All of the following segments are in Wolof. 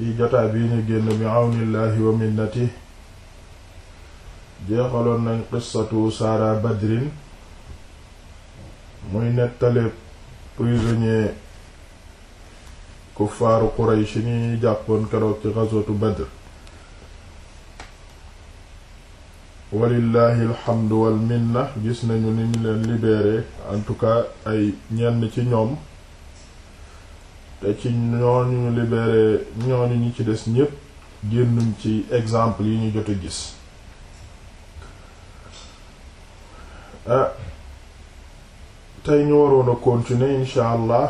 ci jotaay bii ñu génn bi àwnillaahi wa minnati jeexaloon nañ qissatu saara badrin muy nettali prisonnier kuffaaru Quraysh ni jàppoon keroog ci ghazwatu Badr walillahi alhamdu wal minna gis nañu ni ñu leen libéré en tout cas ay ñenn ci ñoom te ci ñooñu libéré ñooñu ñu ci des ñépp génnuñ ci exemple yi ñu jot a gis ah, tey ñu waroon a continuer incha allah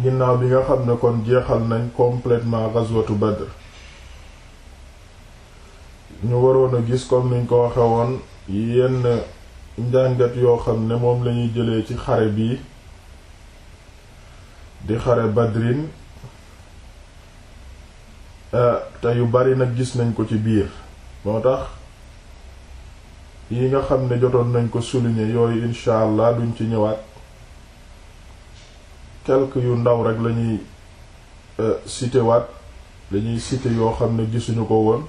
ginnaaw bi nga xam ne kon jeexal nañ complètement ghazwatu Badr ñu waroon a gis comme niñ ko waxe woon yenn njàngat yoo xam ne moom lañuy jëlee ci xare bii di xare badrin eh, te yu bari nag gis nañ ko ci biir moo tax yi nga xam ne jotoon nañ ko souligner yooyu incha allah duñ ci ñëwaat quelques yu ndaw rek lañuy eh, cité waat lañuy cité yoo xam ne gisuñu ko woon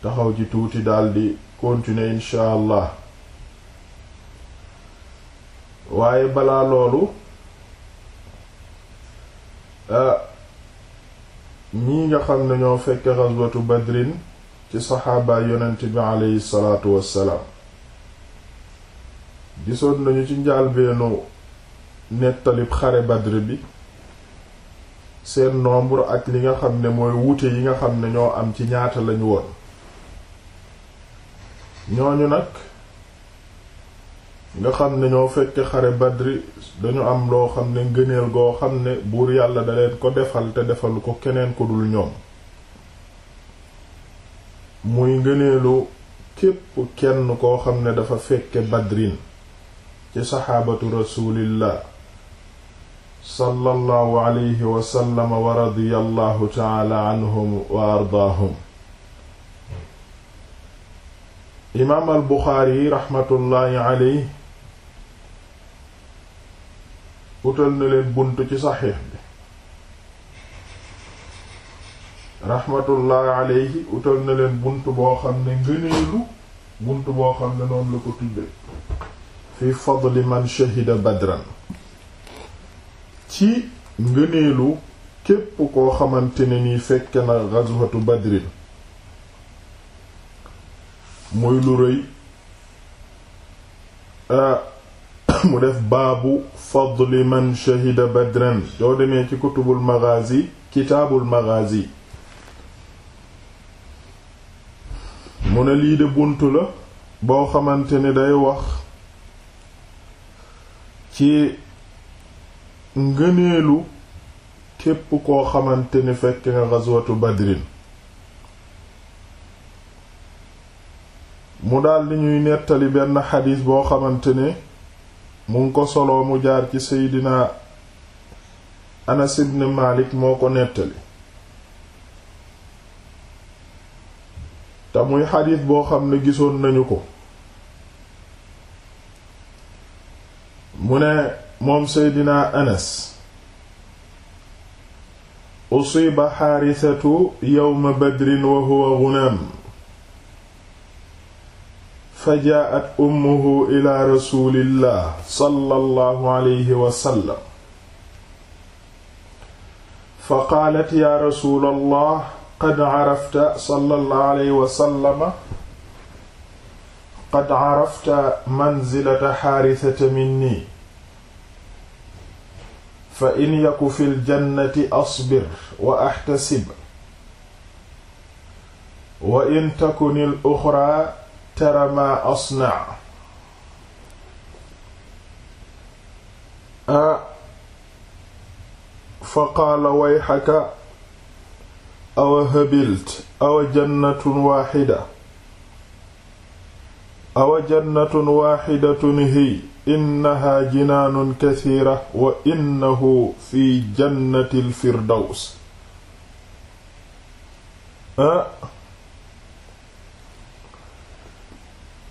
taxaw ci tuuti daldi continuer incha allah waaye balaa loolu Ah, ñii nga xam ne ñoo fekke ghazwatu badrin ci saxaabaa yonent bi aleyhi salaatu wassalaam gisoon nañu ci njaalbeenu nettalib xare badr bi seen nombre ak li nga xam ne mooy wuute yi nga xam ne ñoo am ci ñaata lañu woon ñooñu nag nga xam ne ñoo fekk xare badri dañu am loo xam ne ngëneel goo xam ne buur yàlla da leen ko defal te defal ko keneen ku dul ñoom muy ngëneelu képp kenn koo xam ne dafa fekke badrin ci saxaabatu rasulillah sallallahu alayhi wasallam wa radiyallahu taala anhum wa ardaahum imaam al buxaari raxmatullaahi alayhi utal na leen bunt ci saxiix bi raxmatullaahi alayhi utal na leen bunt boo xam ne ngëneelu bunt boo xam ne noonu la ko tudde fi fadli man shahida badran ci ngëneelu képp koo xamante ne ni fekke na ghazwatu badrin muy lu rëy mu def baabu fadli man shahida badran doo demee ci kutubul maghazi kitaabul maghazi mu ne lii de buntu la boo xamante ni day wax ci ngëneelu képp koo xamante ni fekk nga ghazwatu badrin mu daldi ñuy nettali benn xadiis boo xamante ne mu ngi ko soloo mu jaar ci seydina anas ibn malik moo ko nettali te muy xadiis boo xam ne gisoon nañu ko mu ne moom seydina anas ba xaarisatu yowma badrin wa huwa gunaam fa jaa'at ummuhu ila rasulillah sallallahu alayhi wa sallam fa qaalat ya rasulallah qad carafta sallallahu alayhi wa sallama qad carafta manzilata xaarisata minni fa in yaku fi ljannati asbir wa axtasib wa in takuni al uxraa tara ma asna a fa qaala wayxaka awa habilt awa jannatun waaxida awa jannatun waaxidatun hiy innaha jinaanun kasiira wa innahu fi jannati lfirdaws a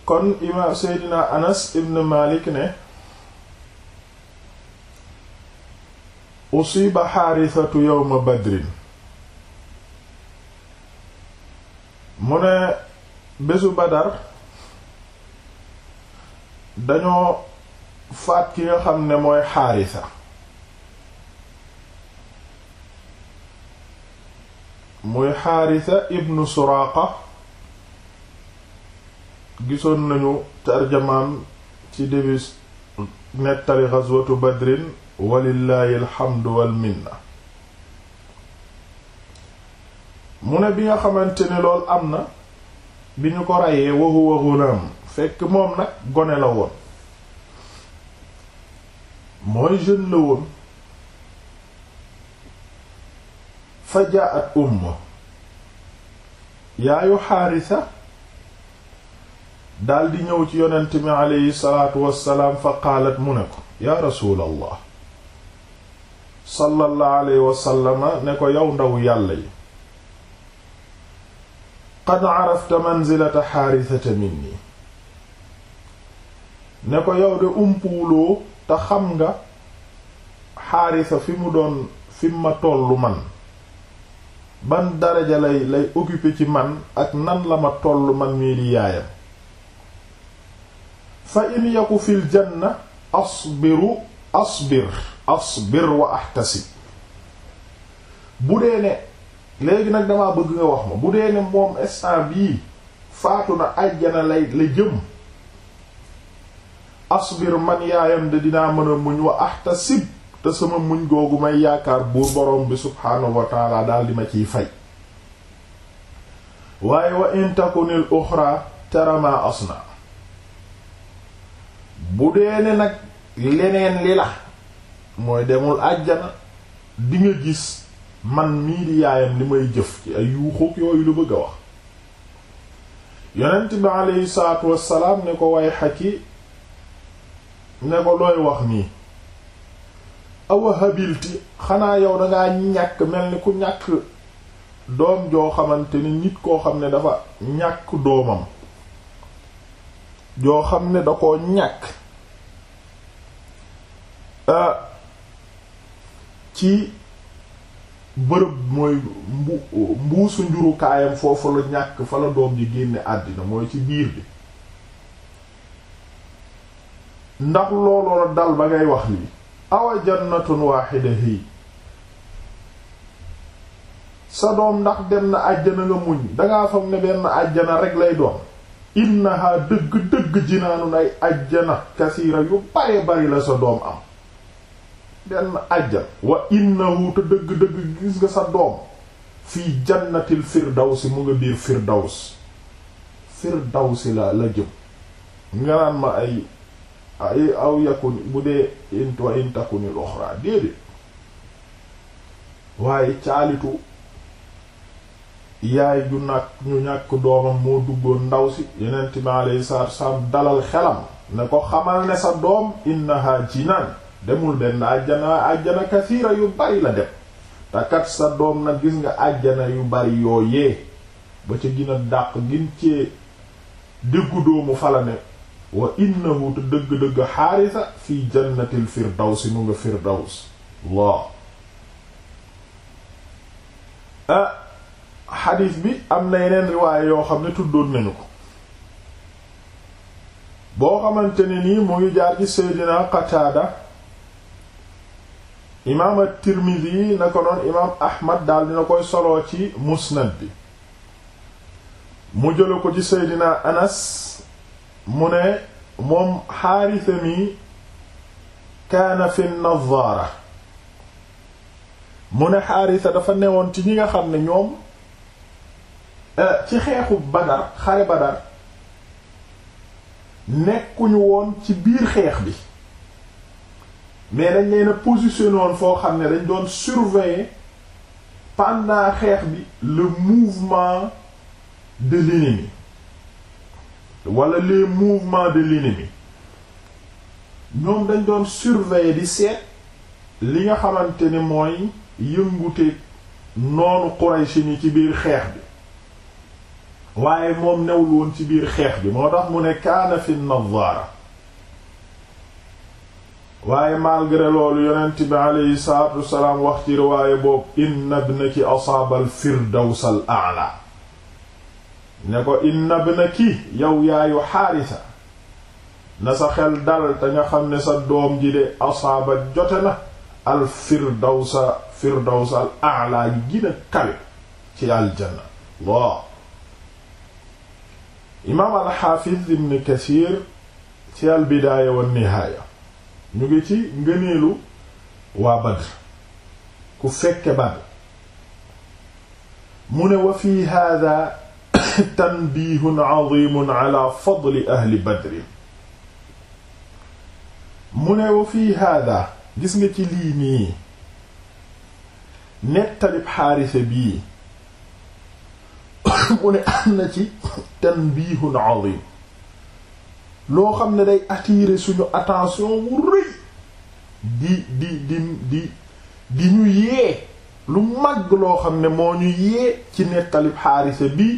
kon imaam Seydina Anas ibn Malik ne usiba xaarisatu yowma badrin mu ne bésu badar dañoo faat ki nga xam ne mooy xaarisa muy xaarisa ibnu suraaqa gisoon nañu tarjamaam ci début nettali ghazwatu badrin walillaahi alhamdu wal mu ne bi nga xamante ne lool am na bi ñu ko reyee wa huwa ghulam fekk moom nag gone la woon mooy jeune la woon fa jaat ummu yaayu xaarisa daldi ñëw ci yonent mi aleyhi salaatu wassalaam fa qaalat mu ne ko yaa rasuulallah sallallahu alayhi wasallama ne ko yow ndaw yàlla yi qad carafta manzilata xaarisata minni ne ko yow de umpuuloo te xam nga xaarisa fi mu doon fi ma tollu man ban daraja lay lay occupé ci man ak nan la ma tollu man mii di yaayam fa in yaku fil janna asbiru asbir asbir wa ahtasib bu dee ne léegi nag damaa bëgg nga wax ma bu dee ne moom instant bii faatu na àjjana lay la jëm asbir man yaayam de dinaa mën a muñ wa ahtasib te sama muñ googu may yaakaar buur borom bi subhaanahu wa taala di ma ciy fay waaye wa in takunil uxra taramaa asna bu dee ne nag leneen li la mooy demul àjjana di nga gis man mii di yaayam li may jëf ci ay yuuxóog yooyu lu bëgg a wax yonent bi aleyhi salaatu wassalaam ne ko way xaki ne ko looy wax nii awa habilti xanaa yow dangaa ñàkk mel ni ku ñàkk doom joo xamante ni nit koo xam ne dafa ñàkk doomam joo xam ne da koo ñàkk euh, ci bërëb mooy mbu mbuusu njurukaayam foofu la ñàkk fa la doom ji génne àddina mooy ci biir bi ndax loolu la dal ba ngay wax lii awa jannatun waaxida hi sa doom ndax dem na àjjana nga muñ dangaa fam ne benn àjjana rek lay doom innaha dëgg-dëgg jinaanun ay ajjana kasiira yu bare bari la sa doom am benn ajjana wa innahu te dëgg-dëgg gis nga sa doom fii jannatil firdawsi mu nga biir firdaws firdawsi la la jëm nga naan ma ay ay aw yakun bu dee in wa in takunil uxra déedéet waaye caalitu yaay ju nag ñu ñàkk doomam moo duggoon ndaw si yeneen bi alayhi salaatu dalal xelam ne ko xamal ne sa doom innaha jinaan demul benn àjjana àjjana kasiira yu bari la dem te sa doom na gis nga àjjana yu bari yooyee ba ca gina dàq gin cee déggu doomu fala wa innahu te dëgg-dëgg xaarisa fi jannatil firdawsi mu nga firdaws Allah xadiis bi am na yeneen riwaaye yoo xam ne tuddoon nañu ko boo xamante ne nii mu ngi jaar ci seydina qataada imaam at na ko noon imaam ahmad daal dina koy soloo ci musnad bi mu jëla ko ci seydina anas mu ne moom xaarisa mi kaana fi nazaara mu ne xaarisa dafa newoon ci ñi nga xam ne ñoom ci xeexu Badar xare Badar nekkuñu woon ci biir xeex bi mais dañ leen a positionné foo xam ne dañ doon surveiller pendant xeex bi le mouvement de l'ennemi wala les mouvements de l'ennemi ñoom dañ doon surveiller di seet li nga xamante ne mooy yëngute noonu Quraysh ni ci biir xeex bi waaye moom new woon ci biir xeex bi moo tax mu ne kaana fi nadhaara waaye malgré loolu yonent bi aleyhi salaatu wasalaam wax ci riwaaye boobu inna ibnaki asaaba al firdaws al a'la ne ko inna ibnaki yow yaayu xaarisa na sa xel dal ta nga xam ne sa doom ji de asaaba jote na al firdawsa al a'la yi gën a ci aljanna Allah imaam alxaafiz ibn kasiir ci albidaaya wa nihaaya ñu ngi ci Badr ku fekke Badr mu ne wa fi haadaa tanbiihun aziimun ala fadli ahli badrin mu ne wa fi haadaa gis nga ci lii nii nettalib xaarise bi mu ne am na ci tanbihun azim loo xam ne day attirer suñu attention wu rëy di di di di ñu yee lu màgg loo xam ne moo ñu yee ci nettalib xaarisa bi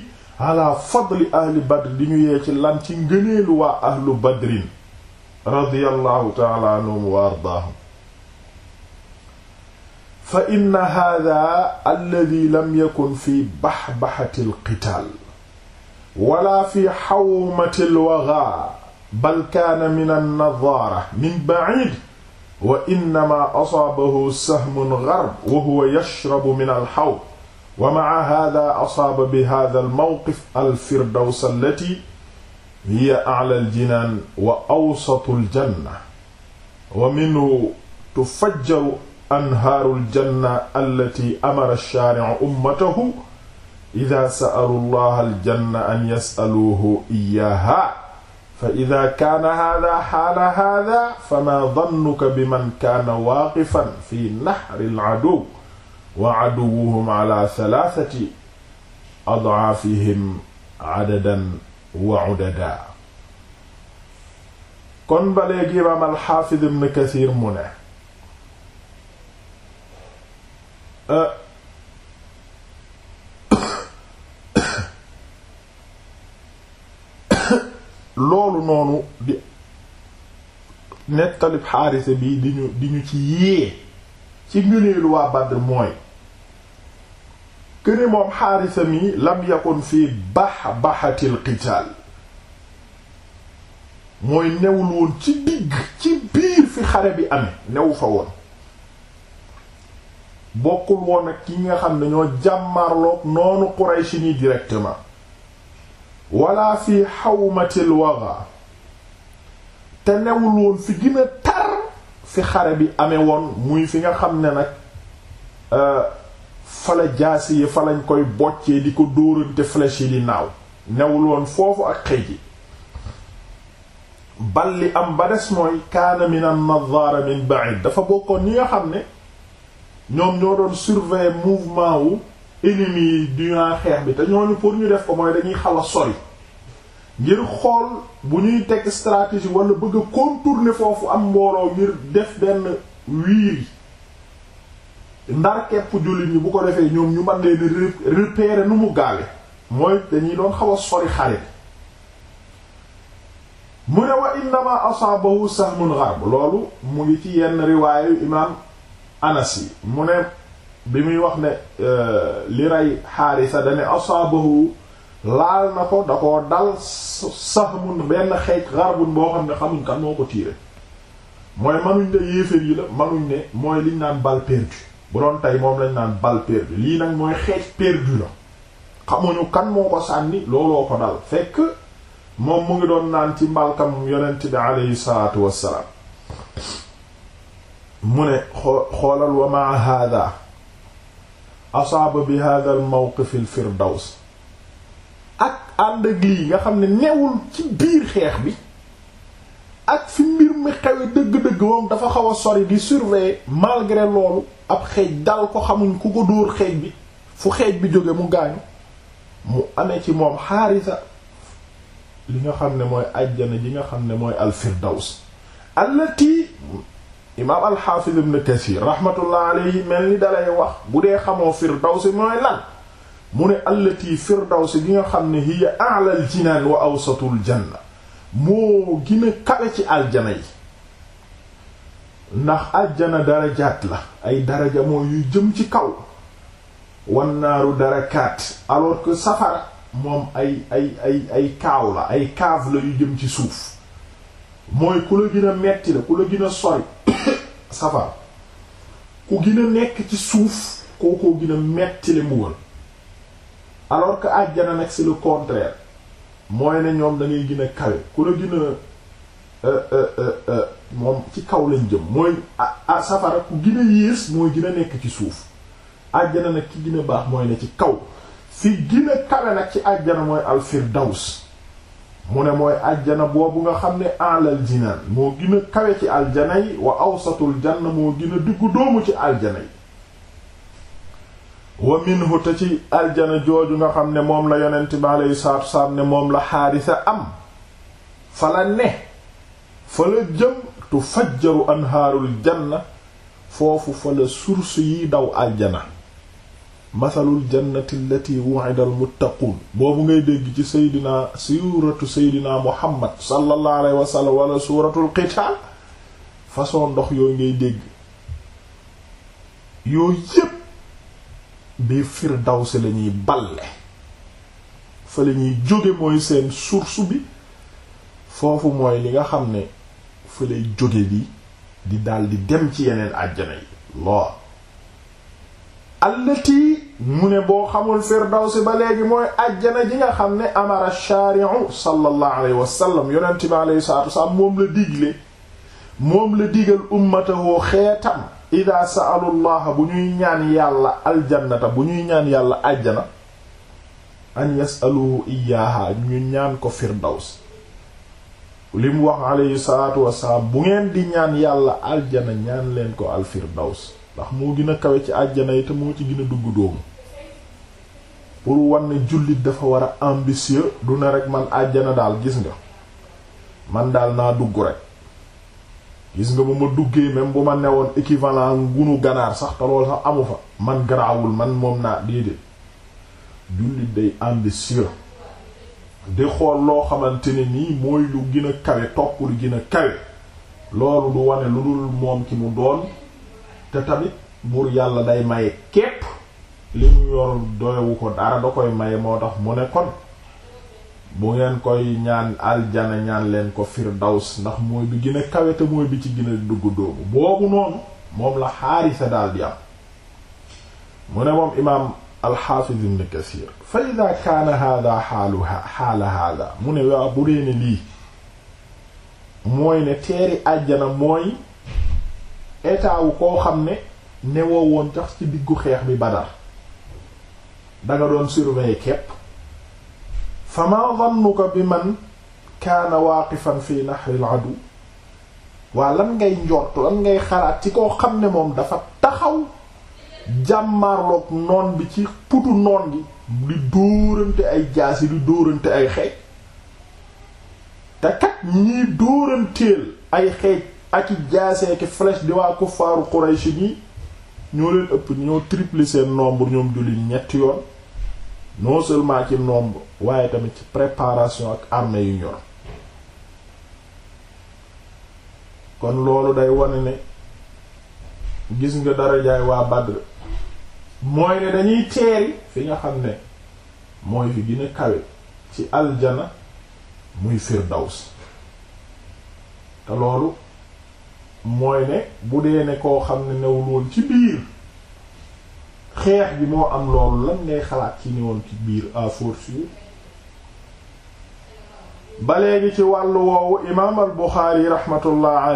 ala fadli ahli badr di ñu yee ci lan ci ngëneelu waa ahlu badrin radiyallahu taala wa ardaahum fa inna hada alladi lam yakun fi baxbaxati alqitaal wala fi xawmati alwaga bal kaana min alnadaara min bacid wa innama asaabahu sahmun garb wa huwa yashrabu min alxawd wa maca hada asaaba bi hada almawqif alfirdaws allati hiya acla aljinaan wa awsatu aljanna wa minhu tufajjaru anhaarul janna allati amara ash-shaari'u ummatahu ida sa'alu llaha aljanna an yas'aluuhu iyaaha fa ida kaana haadaa xaala haadaa famaa dannuka biman kaana waaqifan fi naxri al-aduw wa aduwwuhum ala salaasati adcaafihim cadadan wa cudadaa kon ba léegi imaam alxaafid ibn kasiir mu ne Euh, loolu noonu di nettalib xaarise bi di ñu di ñu ci yee ci ngëneelu waa Badr mooy këne moom xaarisa mi lam yakun fii bax-baxatil qitaal mooy newul woon ci digg ci biir fi xare bi ame new fa woon bokkul woon ak ñi nga xam ne ñoo jàmmarloog noonu Quraysh ni directement wala fi xawmatil waga te newul woon fi gën tar fi xare bi amee woon muy fi nga xam ne nag euh, fala jaasi yi fa lañ koy boccee di ko dóorante flèche yi di naaw newul woon foofu ak xëy ji bal li am ba des mooy kaana min an nadara min ba'id dafa bokkoon ñi nga xam ne ñoom ñoo doon surveiller mouvement wu ennemis yi xeex bi te ñooñu pour ñu def ko mooy dañuy xaw a sori ngir xool bu ñuy teg stratégie wala bëgg a foofu am mbooloo ngir def benn wiiri ndar kepp jullit ñi bu ko defee ñoom ñu mën leen repérer nu mu gaale mooy dañuy doon xaw a sori xare mu ne wa innama asaabahu sahmun gharb loolu mu ngi ci yenn riwaayu imaam anas yi mu ne bi muy wax ne euh, li rey xaarisa dane asaabahu laal na ko da koo dal sahmun benn xeej xarbun boo xam ne xamuñ kan moo ko tiire mooy manuñ ne yéeféer yi la manuñ ne mooy liñ naan balle perdue bu doon tey moom lañ naan balle perdue lii nag mooy xeej perdue la xamuñu kan moo ko sànni looloo ko dal fekk moom mu ngi doon naan ci mbalkam yonent bi aleyhi salaatu wassalaam mu ne xoolal wa maa hada asaaba bi hada al mawqif ak ànd ak nga xam ne newul ci biir xeex bi ak fi mbir mi xewe dëgg-dëgg dafa xaw a sori di surveiller malgré loolu ab xeej dal ko xamuñ ku ko dóor xeej bi fu xeej bi jóge mu gaañu mu amee ci moom xaarisa li nga xam ne mooy ajjana ji nga xam ne mooy al firdaws allati imaam alxaafis ibn kasiir rahmatullah alayhi mel ni dalay wax bu dee xamoo firdawsi mooy lan mu ne allati firdawsi gi nga xam ne hiya a'la al jinaan wa awsatul janna moo gën a ci aljana yi ndax aljana darajaat la ay daraja moo yuy jëm ci kaw wannaaru darakaat alors que safara moom ay ay ay ay kaaw la ay kaaf la yu jëm ci suuf mooy ku la gën a metti la ku la gën a safara ku gën nekk ci suuf kookoo gën a metti li mbugal alors que àjjana nag c'est le contraire mooy ne ñoom da ngay gën a kawe ku la gën euh, euh, euh, moom ci kaw lañ jëm mooy safara ku gën a yées mooy gën a nekk ci suuf àjjana nag ki gën baax mooy ne ci kaw fi gën a kawe nag ci àjjana mooy al firdaws mu ne mooy aljana boobu nga xam ne alal jinaan moo gën a kawe ci aljana yi wa awsatul jan moo gën a diggu doomu ci aljana yi wa minhu ci aljana jooju nga xam ne moom la yonent bi alayhi moom la xaarisa am fa la ne fa la jëm tu fajjaru anhaarul janna foofu fa la source yi daw aljana mathalul jannati allati wu'ida al muttaquun boobu ngay dégg ci seydinaa suuratu seydinaa muhammad sallallahu alayhi wa sallam wala façon ndox yooyu ngay dégg yooyu yépp bi firdawsi la ñuy balle fa la jóge mooy seen source bi foofu mooy li nga xam ne fa lay jóge di di daldi dem ci yeneen àjjana yi loo allati mu ne boo xamul firdawsi ba léegi mooy ajjana ji nga xam ne amara shari'u sallallahu alayhi wasallam yonent bi alayhi salaatu wasalaam moom la digle moom la digal ummatahoo xeetam ida sa'alu llaha bu ñuy ñaan yàlla aljannata bu ñuy ñaan yàlla ajjana an yasaluhu iyaaha ñu ñaan ko firdaws li mu wax alayhi salaatu wasalaam bu ngeen di ñaan yàlla aljana ñaan leen ko al firdaws ndax moo gën a kawe ci àjjana yi te moo ci gën a dugg doomu pour wan jullit dafa war a ambitieux du ne rek man àjjana daal gis nga man daal naa dugg rek gis nga bu ma duggee même bu ma newoon équivalent ngunu ganaar sax te loolu sax amu fa man garaawul man moom naa déedéet jullit day ambitieux di xool loo xamante ne nii mooy lu gën a kawe topp lu gën kawe loolu du wane lu dul moom ki mu doon te tamit buur yàlla day maye képp li mu yor ko dara da koy maye moo tax mu ne kon bu ngeen koy ñaan aljana ñaan leen ko fir firdaws ndax mooy bi gën a kawe bi ci gën a dugg dóomu boobu noonu moom la xaarisa daal di am mu ne moom imaam alxaafiz ibn kasir fa ida kaana hada xaalu xaala hada mu ne waa bu dee lii mooy ne teeri àjjana mooy état koo xam ne newoo woon tax ci diggu xeex bi Badar danga doon surveiller képp fa ma zannuka bi man kaana waaqifan fii nahril adu waa lan ngay njort lan ngay xalaat ci koo xam ne moom dafa taxaw jàmmarloog noon bi ci putu noon bi di dóorante ay jaasi di dóorante ay xeej te kat ñi dóoranteel ay xeej ak i jaasee ki flèche di waa kuffaaru Quraysh yi ñoo leen ëpp ñoo triplé seen nomb ñoom jullit ñetti yoon non seulement ci nomb waaye tamit ci préparation ak armée yu ñor kon loolu day wone ne gis nga darajaay waa Badr mooy ne dañuy teeri fi nga xam ne mooy fi gën kawe ci aljana muy Firdaws te loolu mooy ne bu dee ne koo xam ne new woon ci biir xeex bi moo am loolu lan ngay xalaat ci newoon ci biir à force yi ba ci wàllu woowu imaam al Buxaari rahmatullah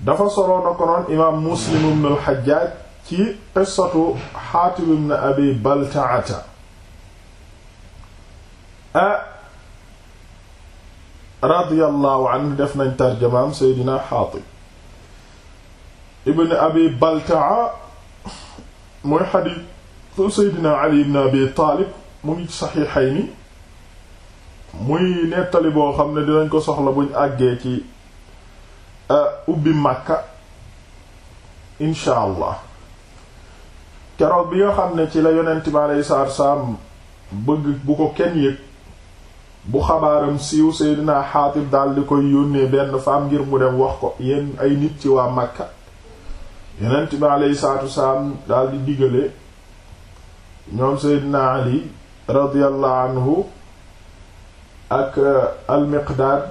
dafa soloon na ko noon imaam Muslim ibn al Hajjaj ci qissatu Xaatim ibn Abi Baltaata ah, radiyallahu anhu def nañ tarjamaam seydina xaatib ibn abi baltaa mooy xadiisu seydina ali ibn abi taalib mu ngi saxiixayni muy nettali boo xam ne dinañ ko soxla buñ àggee ci ubbi màkka insha allah keroog bi nga xam ne ci la yonent bi aleyhi salaatu bëgg bu ko kenn yëg bu xabaaram siiw Seydina Xaatib daldi koy yónnee benn faam ngir mu dem wax ko yenn ay nit ci waa Makka Yonent bi alayhi salaatu wasalaam daldi digale ñoom Seydina Ali radiyallahu ak uh, al-Miqdaad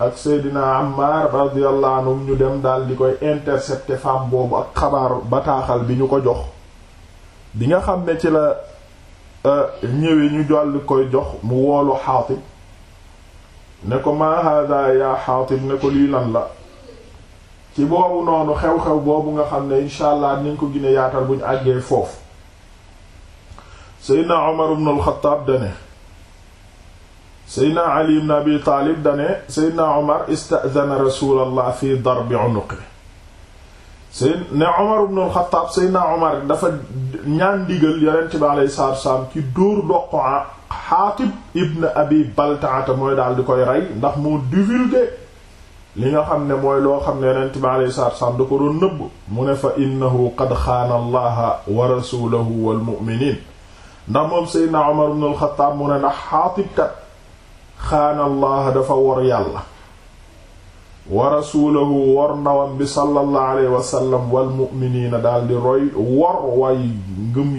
ak Seydina Ammaar radiyallahu anhum ñu dem daldi koy intercepter faam boobu ak xabaar bataaxal bi ñu ko jox bi nga xam ne ci la Euh, ñëwee ñu jàll koy jox mu woolu Xaatib ne ko maa hada yaa Xaatib ne ko lii lan la ci boobu noonu xew-xew boobu nga xam ne incha allah niñ ko gine yaatal ñu àggee foofu Seydina Umar ibn al-Khattab dane Seydina Ali ibn Abi Taalib dane Seydina Umar ista'dhana Rasulallah fi darbi unuqi seen ne Omar ibn al-Khattab Seydina Omar dafa ñaan digal yonent ci dóor doq Xaatib ibn Abi Baltaata mooy daal di koy rey ndax moo divulgué li nga xam ne mooy loo xam ne yonent bi alayhi ko doon nëbb mu ne fa innahu qad xaana allaha wa rasulahu wal mu'miniin ndax moom Seydina Omar ibn al mu ne ndax Xaatib kat xaana allaha dafa wor yàlla wa rasuulahu war ndawam bi sallallahu alayhi wa sallam daal di roy war way ngëm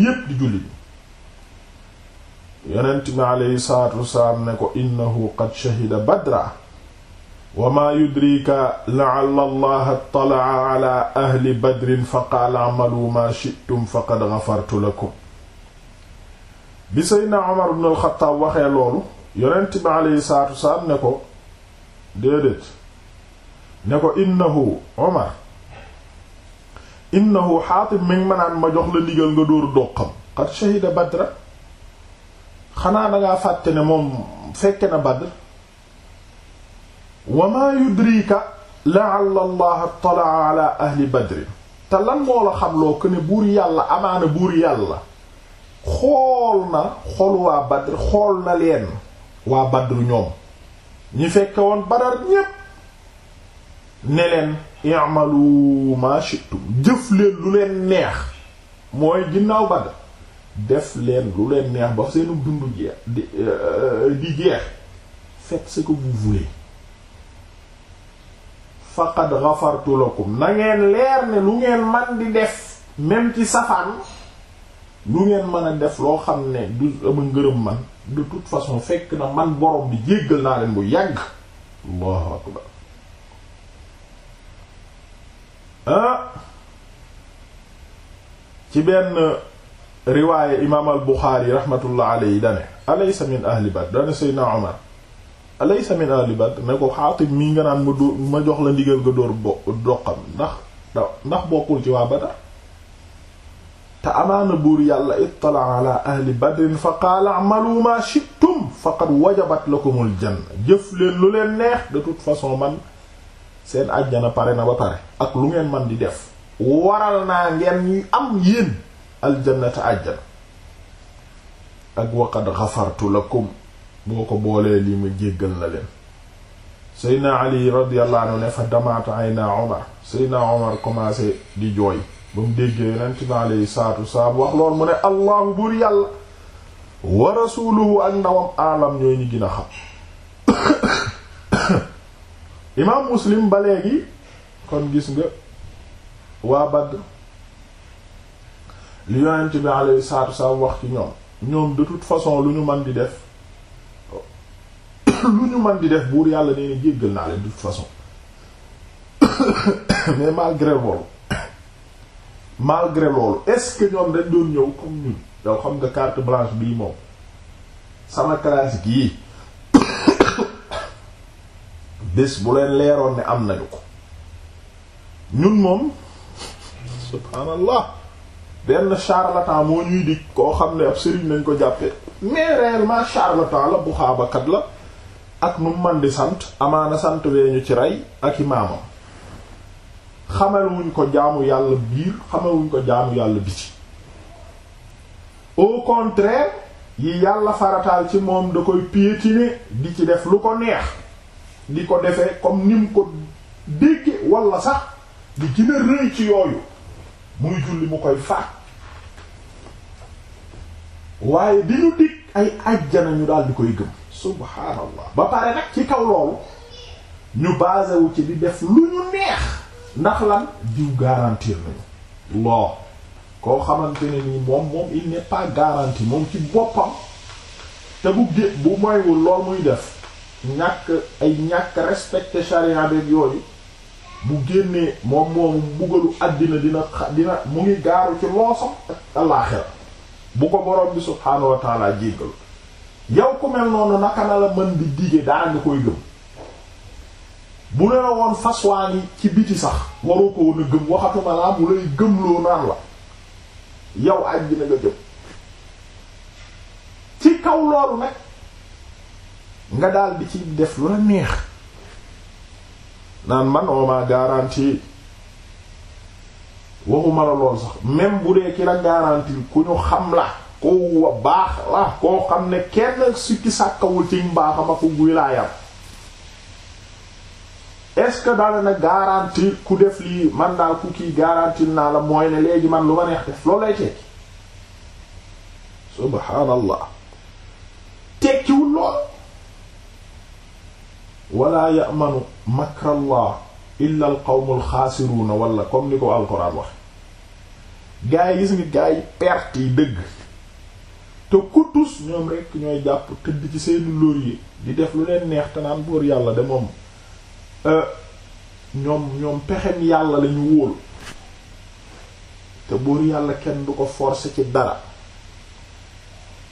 yépp di julli yonent bi aleyhi salaatu wasalaam ne ko innahu qad shahida badra wa maa yudrika la'alla allaha ttala'a ala ahli badrin fa qaala a'malu maa shi'tum faqad ghafartu lakum bi seydna Umar ibn al waxee loolu yonent bi aleyhi salaatu wasalaam ne ko déedéet ne ko innahu Omar innahu Xaatib mi ngi ma naan ma jox la ndigal nga dóoru doqam xat shahida Badra xanaa dangaa fàtte ne moom fekke na Badr wa maa yudrika la'alla Allah ittala'a ala ahli Badr te lan moo la ko ne buur yàlla amaana buur yàlla xool na xol waa Badr xool na leen waa Badr ñoom ñi fekke woon badar ñépp ne i'malu ma shi'tum jëf leen lu leen neex mooy ginnaaw badar def leen lu leen neex ba seenu dundu jeex di euh, di jeex faites ce que vous voulez faqad ghafartu lakum na leer ne lu ngeen man di def même ci safaan lu ngeen mën a def loo xam ne du ama ngërëm man de toute façon fekk na man borom bi jéggal naa leen bu yàgg allahu akbar ah ci benn riwaaya imaam al buxaari rahmatullah alayhi dane alaysa min ahli badr dane seydna omar alaysa min ahli badr ne ko xaatib mii nga naan ma dóor ma jox la ndigal nga dóor bo doqam ndax ndax bokkul ci waa badar te amaana buur yàlla ittala ala ahli badrin fa qaala amalu ma shi'tum faqad wajabat lakumul janna jëf leen lu leen neex de toute façon man seen àjjana pare na ba pare ak lu ngeen man di def waral naa ngeen ñuy am yéen aljannata àjjana ak waqad ghafartu lakum boo ko boolee lii mu jéggal na leen seydna ali radiyallahu anhu ne fa damaata ayna omar seydna omar commencé di jooy ba mu déggee yonent bi alayhi salaatu wasalaam wax lool mu ne allahu buur yàlla wa rasuluhu ak ndawam alam ñooy ñi gën a xam imaam muslim ba léegi kon gis nga waa Badr li yonent bi alayhi salaatu wasalaam wax ci ñoom ñoom de toute façon lu ñu man di def lu ñu mën di def buur yàlla nee na jéggal naa leen de toute façon mais malgré loolu malgré loolu est-ce que ñoom dañ doon ñëw comme ñun yow xam nga carte blanche bii moom sama classe gii bés bu leen leeroon ni am nañu ko ñun moom subhaanallah benn charlatan moo ñuy dig koo xam ne ab sëriñ nañ ko jàppee mais réellement charlatan la bu xaabakat la ak nu man di sant amaana sant bee ñu ci rey ak imaamam xamalewuñ ko jaamu yàlla biir xamalewuñ ko jaamu yàlla biti au contraire yi yàlla farataal ci moom da koy piétiner di ci def lu ko neex di ko defee comme ni mu ko dégge walla sax di gën rëy ci yooyu muy julli mu koy faat waaye di ñu dig ay ajjana ñu daal di koy gëm subhaanallah ba pare nag ci kaw loolu ñu basé ci di def lu ñu neex ndax lan diw garantir nañu loo koo xamante ne nii moom moom il n'est pas moom ci boppam te bu gé bu moywul lool muy def ñàkk ay ñàkk respecté charia beeg yooyu bu génnee moom moomu mbugalu àddina dina dina mu ngi gaaru ci loosam ak àllaaxira bu ko borom bi subhaanahu wa taala jéggal yow ku mel noonu naka na la mën di dige daa nga koy gëm bu ne la woon fas waa ci biti sax waroo ko woon a gëm waxatuma laa mu lay gëmloo naan la yow aj bi na nga jëm ci kaw loolu nag nga daal ci def lu la neex naan man on m'a garanti waxuma la lool sax même bu dee ki la ku ñu xam la ko wa baax la koo xam ne kenn sukki sàkkawul ci mbaaxam ak wilaayam est-ce que daal na garantie ku def lii man daal ku kii garantie naa la mooy ne léegi man lu ma neex def loolu lay tekki subhaanallah tekkiwul lool wala ya'manu makrallah illa al qawmul xaasiruuna wala comme ni ko alxuraan wax gaa yi gis nga gaa yi perte yi dëgg te ku ñoom rekk ñooy jàpp tëdd ci seeni yi di def lu leen neex te naan buur yàlla de moom Euh, ñoom ñoom pexem yàlla la ñu wóolu te buur yàlla kenn du ko forcer ci dara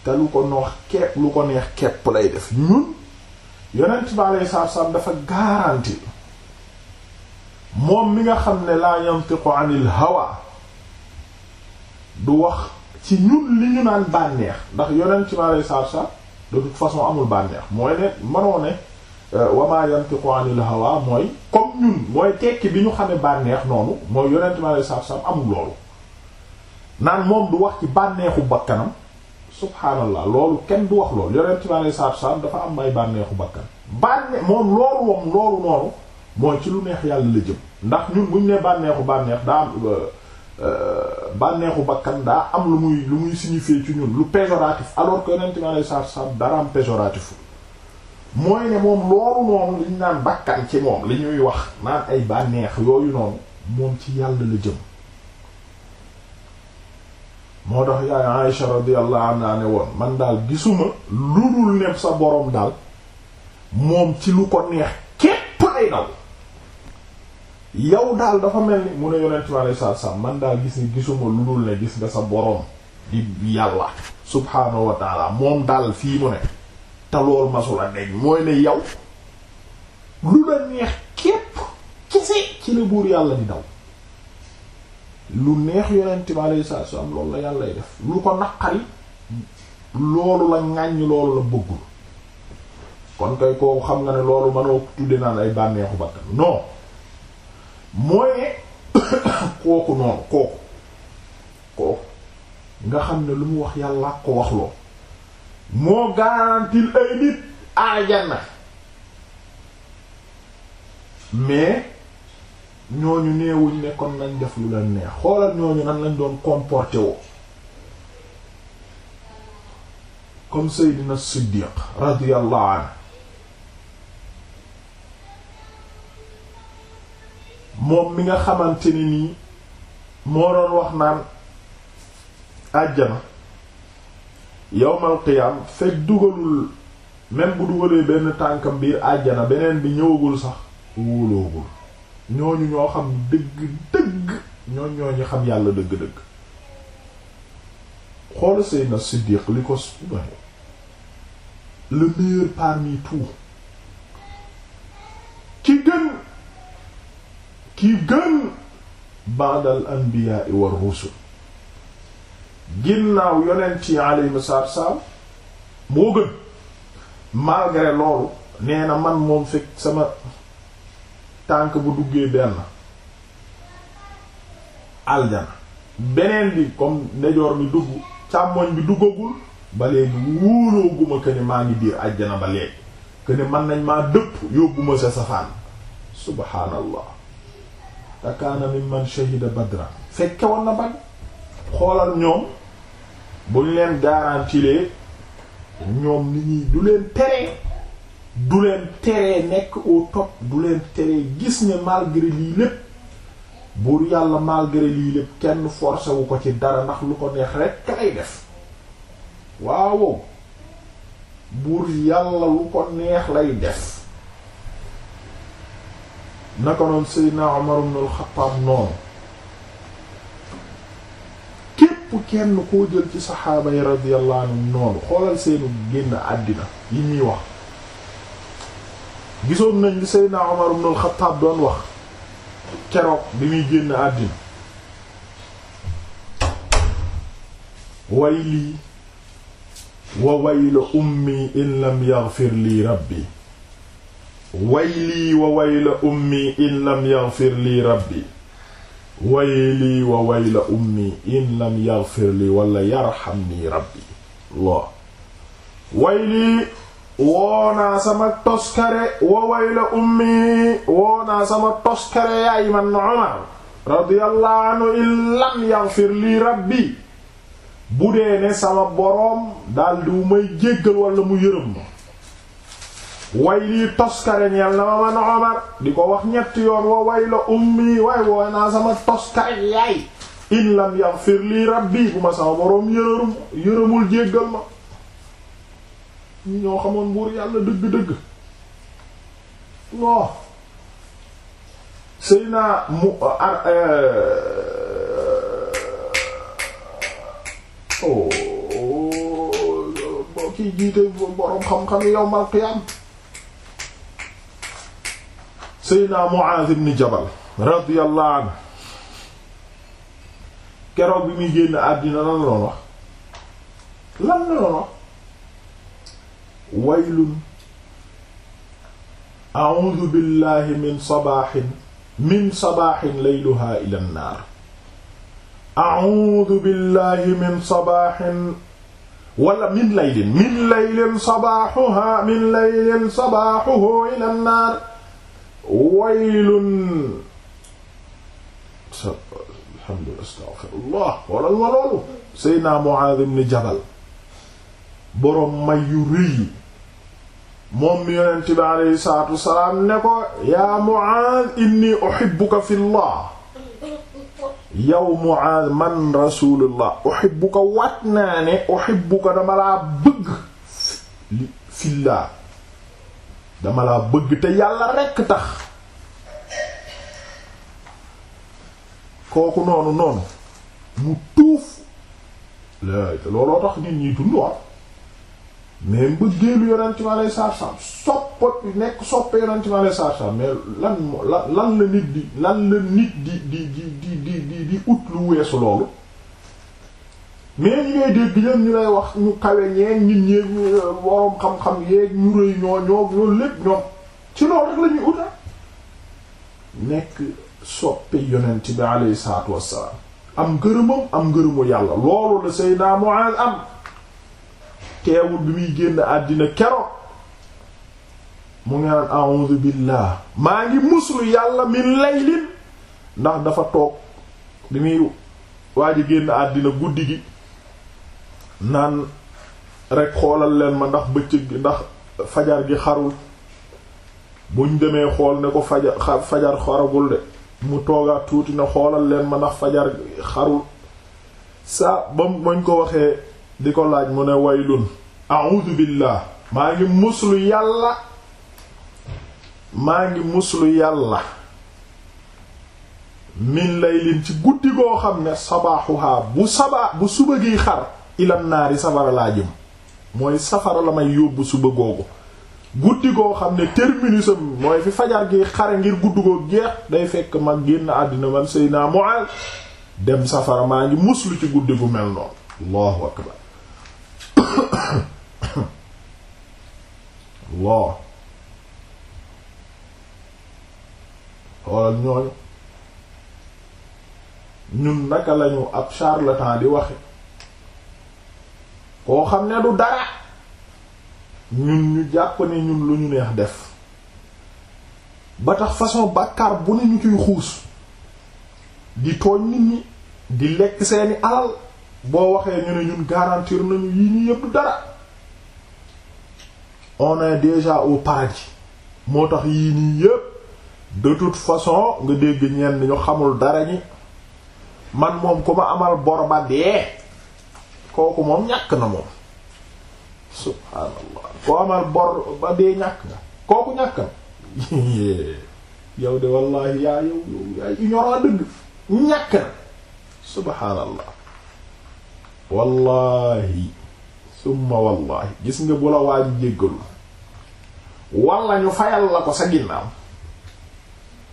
te lu ko noox kepp lu ko neex kepp lay def ñun yonent bi aleyhi salaatu dafa garanti moom mi nga xam ne laa ko anil hawa du wax ci ñun li ñu naan bànneex ndax yonent bi aleyhi salaatu salaam façon amul bànneex mooy ne mënoo Euh, wa ma yantiqu anil hawa mooy comme ñun mooy tekki bi ñu xamee bànneex noonu mooy yonent ma lay saab saab amul loolu naan moom du wax ci bànneexu bakkanam subhaanallah loolu kenn du wax loolu yonent ma lay saab saab dafa am ay bànneexu bakkan bànneex moom loolu moom loolu ci lu neex yàlla la jëm ndax ñun ne bànneexu bànneex daa euh, euh, bànneexu bakkan daa am lu muy lu muy signifier ci ñun lu péjoratif alors que yonent ma lay saab saab dara am péjoratif mooy ne moom loolu noonu liñ naan bakkan ci moom li ñuy wax naan ay bànneex yooyu noonu moom ci yàlla la jëm moo tax yaay Aïsha radiyallahu anha ne woon man daal gisuma lu dul ne sa boroom daal moom ci lu ko neex képp lay daw yow daal dafa mel ni mu ne yonent bi alayhi man daal gis ni gisuma lu dul ne gis nga sa boroom di yàlla subhaanahu wa moom daal fii mu ne te loolu masula deñ mooy ne yow lu la neex képp kese ci la buur yàlla di daw lu neex yonente bi alayhi salaatu loolu la yàllay def lu ko naqari loolu la ŋàññ loolu la bëggul kon kay koo xam nga ne loolu mënoo tudde naan ay bànneexu bakkan non mooy ne kooku noonu kooku nga xam ne lu mu wax yàlla ko wax loo moo garantil ay nit aljana mais ñooñu neewuñ ne kon nañ def lu leen neex xoolal ñooñu nan lañ doon comporté woo comme Seydina Siddiq radiyallahu anhu moom mi nga xamante ni nii moo doon wax naan àjjana yowmal qiyaam fekk dugalul même bu dugalee benn tànkam biir àjjana beneen bi ñëwagul sax wóoloogul ñooñu ñoo xam dëgg dëgg ñooñ ñooñu xam yàlla dëgg dëgg xool Seydina Siddiq li ko subhaanahu le parmi tout ki gën ki gën ba'dal anbiyaa war rusul ginnaaw yonent yi alayhimu salaatu wassalaam moo gën malgré loolu nee na man moom fekk sama tànk bu duggee benn aljana beneen bi comme nejoor bi dugg càmmoñ bi duggagul ba léegi wóorooguma que ne maa ngi biir ajjana ba léegi que man nañ maa dëpp yóbbuma sa safaan subhaanallah takaana mimman shahida badra fekke woon na ban xoolal ñoom buñ leen garantilee ñoom li ñuy du leen teree du leen teree nekk au top du leen teree gis ne malgré lii lépp buur yàlla malgré yi lépp kenn forcé ko ci dara ndax lu ko neex rekk lay def waaw buur yàlla lu ko neex lay def naka noonu Seydina Umar ibn al-Khattab noonu kenn koo jël ci saxaaba yi radiyallahu anhum noonu xoolal seenu génn àddina yi ñuy wax gisoon nañ li Seydina Omar ibn al-Khattab doon wax keroog bi muy génn àddina waylii wa waylu ummi in lam yaghfir lii rabbi waylii wa waylu ummi in lam yaghfir lii rabbi waylii wa wayla ummi in lam yaghfir li wala yarhamni rabbi Allah waylii woonaa sama toskare wa wayla ummi woonaa sama toskare yaay man Umar radiyallahu in lam yaghfir li rabbi bu dee ne sama boroom daldi wu may jéggal wala mu yërëm way lii toskare ñeel na ma man Omar di ko wax ñetti yoon wa way la ummi waay woo naa sama toskare yaay in lam yaghfir lii rabbi bu ma sama boroom yërëm yërëmul jéggal ma ñoo xamoon buur yàlla dëgg-dëgg non sëy naa mu ar euh, oh, oh, oh, kii jiite boroom xam-xam yowmal qiyaam Seydina Muaaz ibn Jabal radiyallahu anhu keroog bi muy génn àddina lan la doon wax lan la doon wax waylun a'uudu billahi min sabaaxin min sabaaxin layluhaa ila nnaar a'uudu billahi min sabaaxin wala min laylin min laylin sabaaxuhaa min laylin sabaaxuhu ila nnaar waylun alhamdulillah astaghfirullah xoolal ma loolu Seydina Mu'adh ibn Jabal boroom may yu rëy moom mi yonent bi aleyhi salaatu wasalaam ne ko yaa Mu'adh inni uhibbuka fillah yow Mu'adh man rasulullah uhibbuka wat naa ne uhibbuka dama laa bëgg fillah dama laa bëgg te yàlla rekk tax kooku noonu noonu mu tuuf laay te looloo tax nit ñi dund waa mais mbëggeelu yonent mi alayhi salaam sopp nekk soppe yonent mi alayhi salaam mais lan la nit di lan la nit di di di di di di ut lu weesu loolu mais ñi ngay dégg ñoom ñu lay wax ñu kawe ñeen ñun ñéeg ñu euh, borom xam-xam yeeg ñu rëy ñoo ñoo lépp ñoom ci loolu rek la ñuy uta nekk soppe yonent bi alayhi salaatu wassalaam am ngërëmam am ngërëmu yàlla loolu la Seydina Muaz am teewul bi muy génn àddina keroog mu ngi naan a'udhu billah maa ngi muslu yàlla min laylin ndax dafa toog bi muy waaj a génn àddina guddi gi naan rek xoolal leen ma ndax bëccëg gi ndax fajar gi xarul buñ demee xool ne ko fajar xaragul de mu toogaat tuuti ne xoolal leen ma ndax fajar gi xarul saa ba mañ ko waxee di ko laaj mu ne waylun a'udhu maa ngi muslu yàlla maa ngi muslu yàlla min laylin ci guddi boo xam ne sabaaxuhaa bu sabaa bu suba gi xar ilan naari safara laa jëm mooy safara la may yóbbu suba googu guddi goo xam ne terminusam mooy fi fajar gi xare ngir guddi goo jeex day fekk mag génn àddina man Seydina Mu'aaz dem safara maa ngi muslu ci guddi gu mel noonu allahu akbar Allah xoolal ñooñu ñun naka lañu ab charlatan di waxe koo xam ne du dara ñun ñu jàpp ne ñun lu ñu neex def ba tax façon bàkkaar bu ne ñu ciy xuus di tooñ nit ñi di lekk seeni alal boo waxee ñu ne ñun garantir nañu yii ñu yëpp du dara on est déjà au paradis moo tax yii nii yëpp de toute façon nga dégg ñenn ñu xamul dara ñi man moom ku ma amal bor ba kooku moom ñàkk na moom subhaanallah ko amal bor ba dee ñàkk na kooku ñàkk na yow de wallahi yaa yow yow yaa ignorant dëgg ñàkk na subhaanallah wallahi summa wallahi gis nga bu la waaj jéggalu wala ñu fayal la ko sa ginnaaw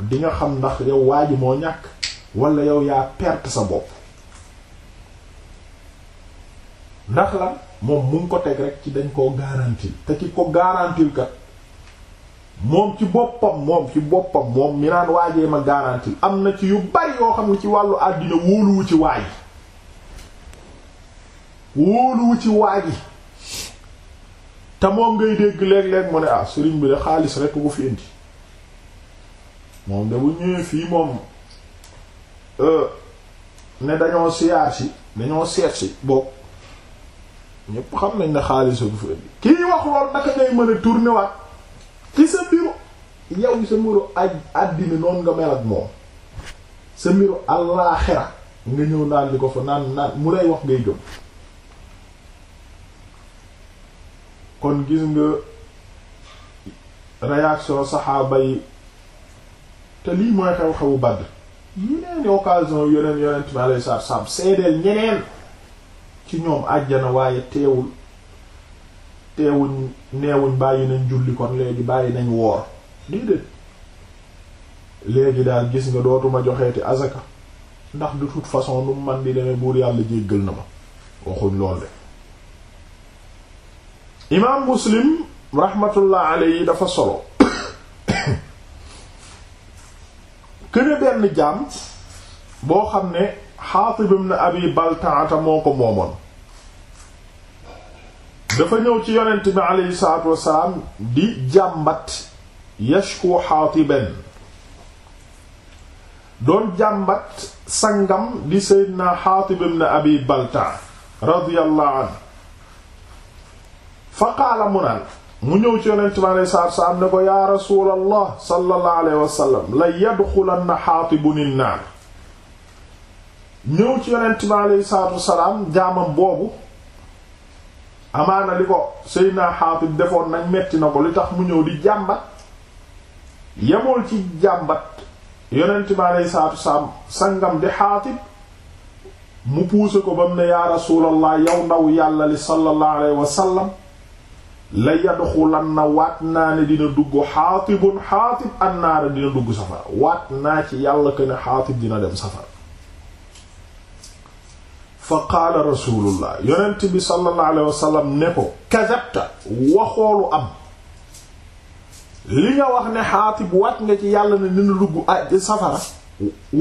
di nga xam ndax yow waaj moo ñàkk wala yow yaa perte sa bopp ndax la moom mu ko teg rek ci dañ koo garantil te ci ko garantil kat moom ci boppam moom ci boppam moom mi naan waajee ma garantil am na ci yu bari yoo xam ne ci wàllu àddina wóoluwu ci waaj yi te moom ngay dégg léeg-léeg mu ne ah sëriñ bi de xaalis rek ko fi indi moom de ñëwee fii moom euh, ne dañoo siyaar si dañoo seet si bokk ñépp xam nañ ne xaalis du mën a tourner waat ci sa mbiru yow àddina noonu nga mel ak moom sa mbiru àllaaxira nga ñëw naan li ko fa naan naan mu lay wax ngay gëm kon gis nga réaction saxaaba yi te lii mooy xew-xewu Badr yeneen occasion yeneen yonent bi alayhi salaam seedeel ñeneen ci ñoom àjjana waaye teewul teewuñ neewuñ bàyyi nañ julli kon léegi bàyyi nañ woor déedéet léegi daal gis nga dootuma joxeeti azaka ndax de toute façon nu man di demee buur yàlla jéggal na ma waxuñ lool de imaam muslim rahmatullah alayhi dafa solo këne benn jaam boo xam ne Xaatib ibn Abi Baltaata moo ko moomoon dafa ñëw ci yonent bi aleyhi salaatu wasalaam di jàmbat yashku xaatiben doon jàmbat sangam di seydina xaatib ibn abi balta radiyallahu anhu fa qaala mu mu ñëw ci yonent bi aleyhi salaatu wasalaam ne ko yaa rasuulallah sallallahu alayhi wasallam la yadxulanna xaatibun naar ñëw ci yonent bi aleyhi salaatu wasalaam jaamam boobu amaana li ko Seydina Xaatib defoon nag metti na ko li tax mu ñëw di jàmbat yemul ci jàmbat yonent bi aleyhi salaatu salaam sangam di Xaatib mu puuse ko ba mu ne yaa rasulallah yow ndaw yàlla li sallallahu alayhi wa sallam la yadxulan na waat naa ne dina dugg xaatibun xaatib annaara dina dugg safara waat naa ci yàlla ko ne xaatib dina dem safara fa qaala rasulullah yonent bi sallallahu alayhi wa sallam ne ko kazabta waxoolu am li nga wax ne xaatib waat nga ci yàlla ne dina dugg a safara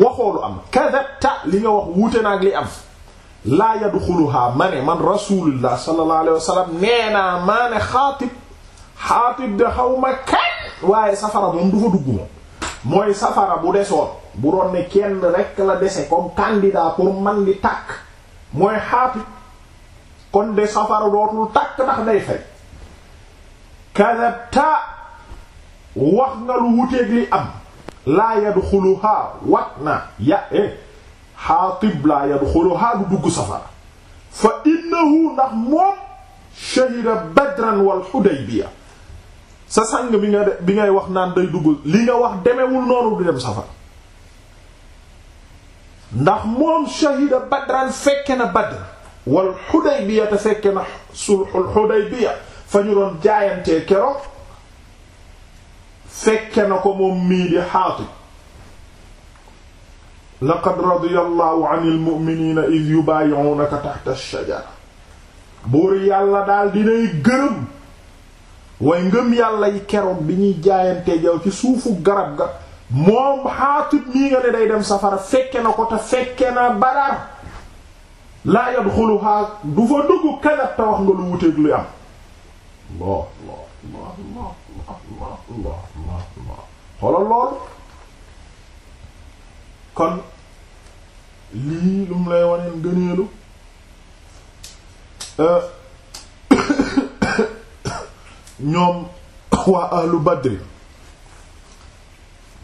waxoolu am kazabta li nga wax wuute naag li am laa yadxuluhaa ma ne man rasulullah sallallahu alayhi wa sallam nee naa maa ne xaatib xaatib de xaw ma kañ waaye safara moom du fa dugg moom mooy safara bu desoon bu doon ne kenn rekk la dese comme candidat pour man di tàkk mooy xaafit kon de safara dootul tàkk ndax day fay kadabta wax nga lu wuteeg li am laa yadxuluha wat na ya eh xaatib laa yadxuluha du dugg safara fa innahu ndax moom shahida badran wal xudaybiya sa sang bi nga bi ngay wax naan day dugg li nga wax demewul noonu du dem safara ndax moom shahida badran fekke na badr wal xudaybiya te fekke na sulxul xudaybiya fa ñu doon jaayantee keroog fekke na ko moom mii di xaatib laqad radiyallahu anil mu'minina id yubayi'unaka taxta ash-shajara buur yàlla daal dinay gërëm way ngëm yàlla yi keroog bi ñuy jaayantee jaw ci suufu garab ga moom xaatib mii nga ne day dem safara fekke na ko te fekke na badar laa yadxuluha du fa dugg kanat te wax nga lu wuteeg luy am Allah Allah kon lii lu mu lay waneen gëneelu euh, ñoom waa ahlu badri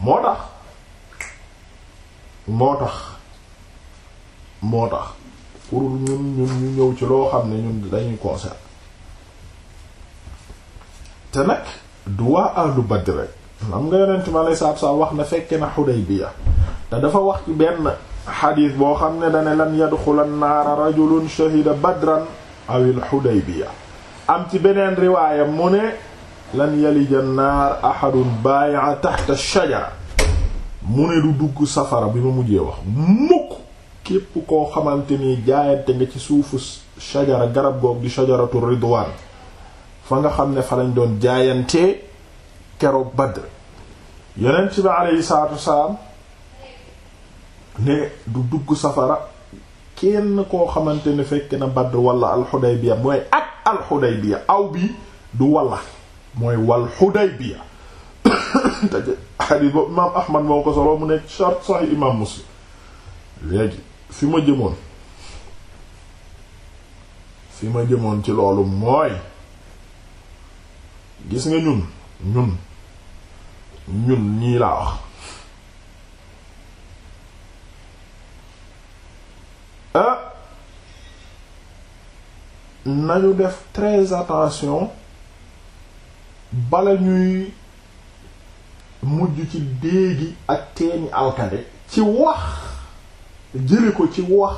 moo tax moo tax moo tax pour ñun ñun ñu ñëw ci loo xam ne ñun dañuy concert te nag du waa ahlu Badr rek am nga yonent ma lay saab saab wax na fekke na Hudaybiya te dafa wax ci benn xadiis boo xam ne dane lan yadxula naara rajulun shahida badran awil Hudaybiya am ci beneen riwaaya mu ne lan yalija naar ahadun baaya'a tahta shajara mu ne du dugg safara bi ma mujjee wax mukk képp koo xamante ni jaayante nga ci suufu shajara garab goog di shajaratu ridwaan fa nga xam ne fa lañ doon jaayante keroog Badr yonent bi aleyhi salaatu wasalaam ne du dugg safara kenn koo xamante ne fekk na Badr wala alxudaybiya mooy ak alxudaybiya aw bi du walla mooy wal Hudaybiya te xadiis boobu imaam Ahmad moo ko solo mu nekk chart Sahih imaam Muslim léegi fi ma jëmoon fi ma jëmoon ci loolu mooy gis nga ñun ñun ñun ñii laa wax ah nañu def très attention bala ñuy mujj ci déegi ak teeni alkande ci wax jëre ko ci wax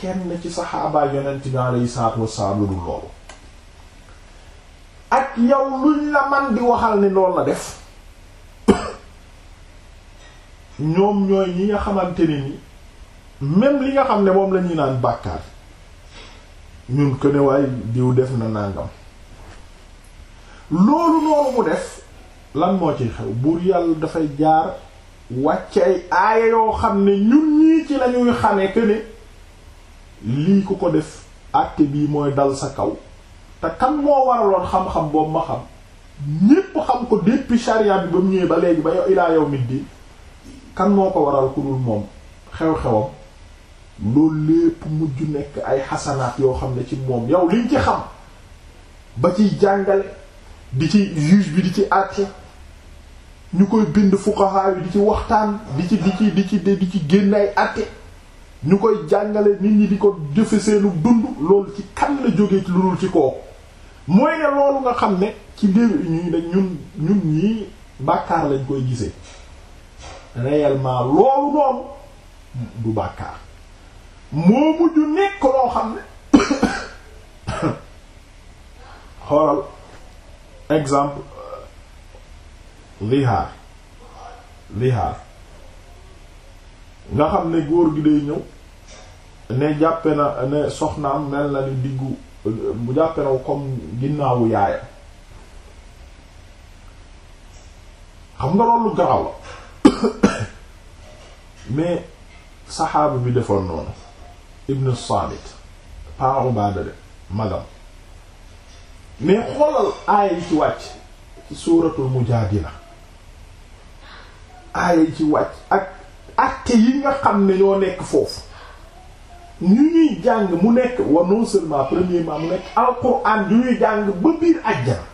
kenn ci saxaabaa yonent bi alayhi salaatu wassalaam lu dul loolu ak yow luñ la man di waxal ni lool la def ñoom ñooy ñi nga xamante ne ni même li nga xam ne moom lañuy naan bàkkaar ñun ko ne waaye diw def na nàngam loolu noonu mu def lan moo ci xew buur yàlla dafay jaar wàcce ay aaya yoo xam ne ñun ñii ci lañuy xame que ne lii ku ko def àtte bii mooy dal sa kaw te kan moo waraloon xam-xam boobu ma xam ñépp xam ko depuis charia bi ba mu ñëwee ba léegi ba yow ilaa yow mit kan moo ko waral ku moom xew-xewam loolu lépp mujj nekk ay xasanaat yoo xam ne ci moom yow liñ ci xam ba ciy jàngale di ci juge bi di ci àtte ñu koy bind fuqaha yi di ci waxtaan di ci di ci di ci di ci génn àtte ñu koy jàngale nit ñi di ko jëfe seenu dund loolu ci kan la jógee ci lu dul ci kooku mooy ne loolu nga xam ne ci dé ñuy ne ñun bàkkaar lañ koy gisee réellement loolu noonu du bàkkaar moo mujj nekk loo xam ne xoolal exemple lihaar lihaar nga xam ne góor gi day ñëw ne jàppe na ne soxnaam mel na ni diggu bu jàppe na comme ginnaawu yaayam xam nga loolu garaw la mais saxaaba bi defoon noonu ibnu saabit pa Ubaada magam mais xoolal aaya yi ci wàcc ci suuratul mujaadila aaya yi ci wàcc ak acte yi nga xam ne ñoo nekk foofu ñu ñuy jàng mu nekk wa non seulement premièrement mu nekk alquran ñu ñuy jàng ba biir àjjana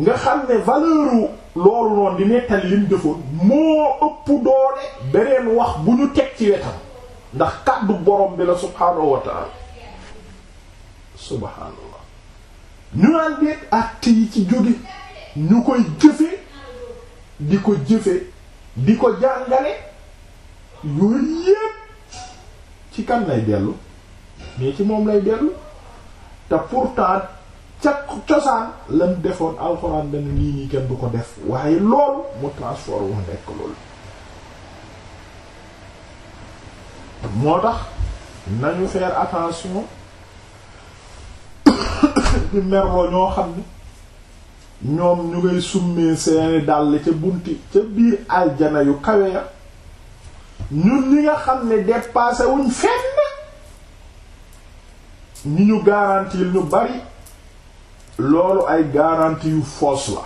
nga xam ne valeur loolu noonu di nettali lim jëfoon moo ëpp doole beneen wax bu ñu teg ci wetam ndax kàddu borom bi la subhaanahu wa ñu naan déet acte yi ci jóge ñu koy jëfee di ko jëfe di ko jàngale yooyu yépp ci kan lay dellu mais ci moom lay dellu te pourtant ca cosaan lan defoon alxuraan dana nii nii kenn du ko def waaye loolu mu transforme wu nekk loolu moo tax nañu faire attention di merlo ñoo xam ne ñoom ñu ngay summee seeni dàll ca bunti ca biir aljana yu kawe ya ñun ñi nga xam ne dépassé wuñ fenn ñi ñu garantie ñu bari loolu ay garantie yu la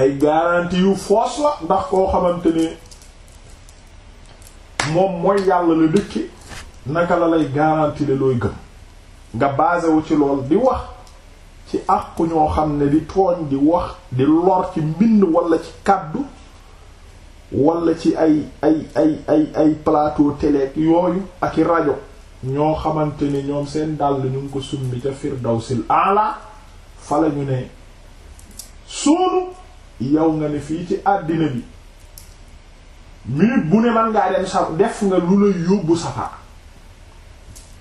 ay garantie yu fausse la ndax koo xamante ne moom mooy yàlla la dëkki naka la lay garantie la looy gën nga baasewu ci lool di wax ci àqu ñoo xam ne di tooñ di wax di lor ci mbind walla ci kàddu wala ci ay ay ay ay ay plateau yooyu ak i rajo ñoo xamante ni ñoom seen dàll ñu ngi ko summi ca firdawsil ala fa la ñu ne suunu yow nga ne fii ci àddina bi minute bu ne man ngaa dem sa def nga lu la yóbbu safara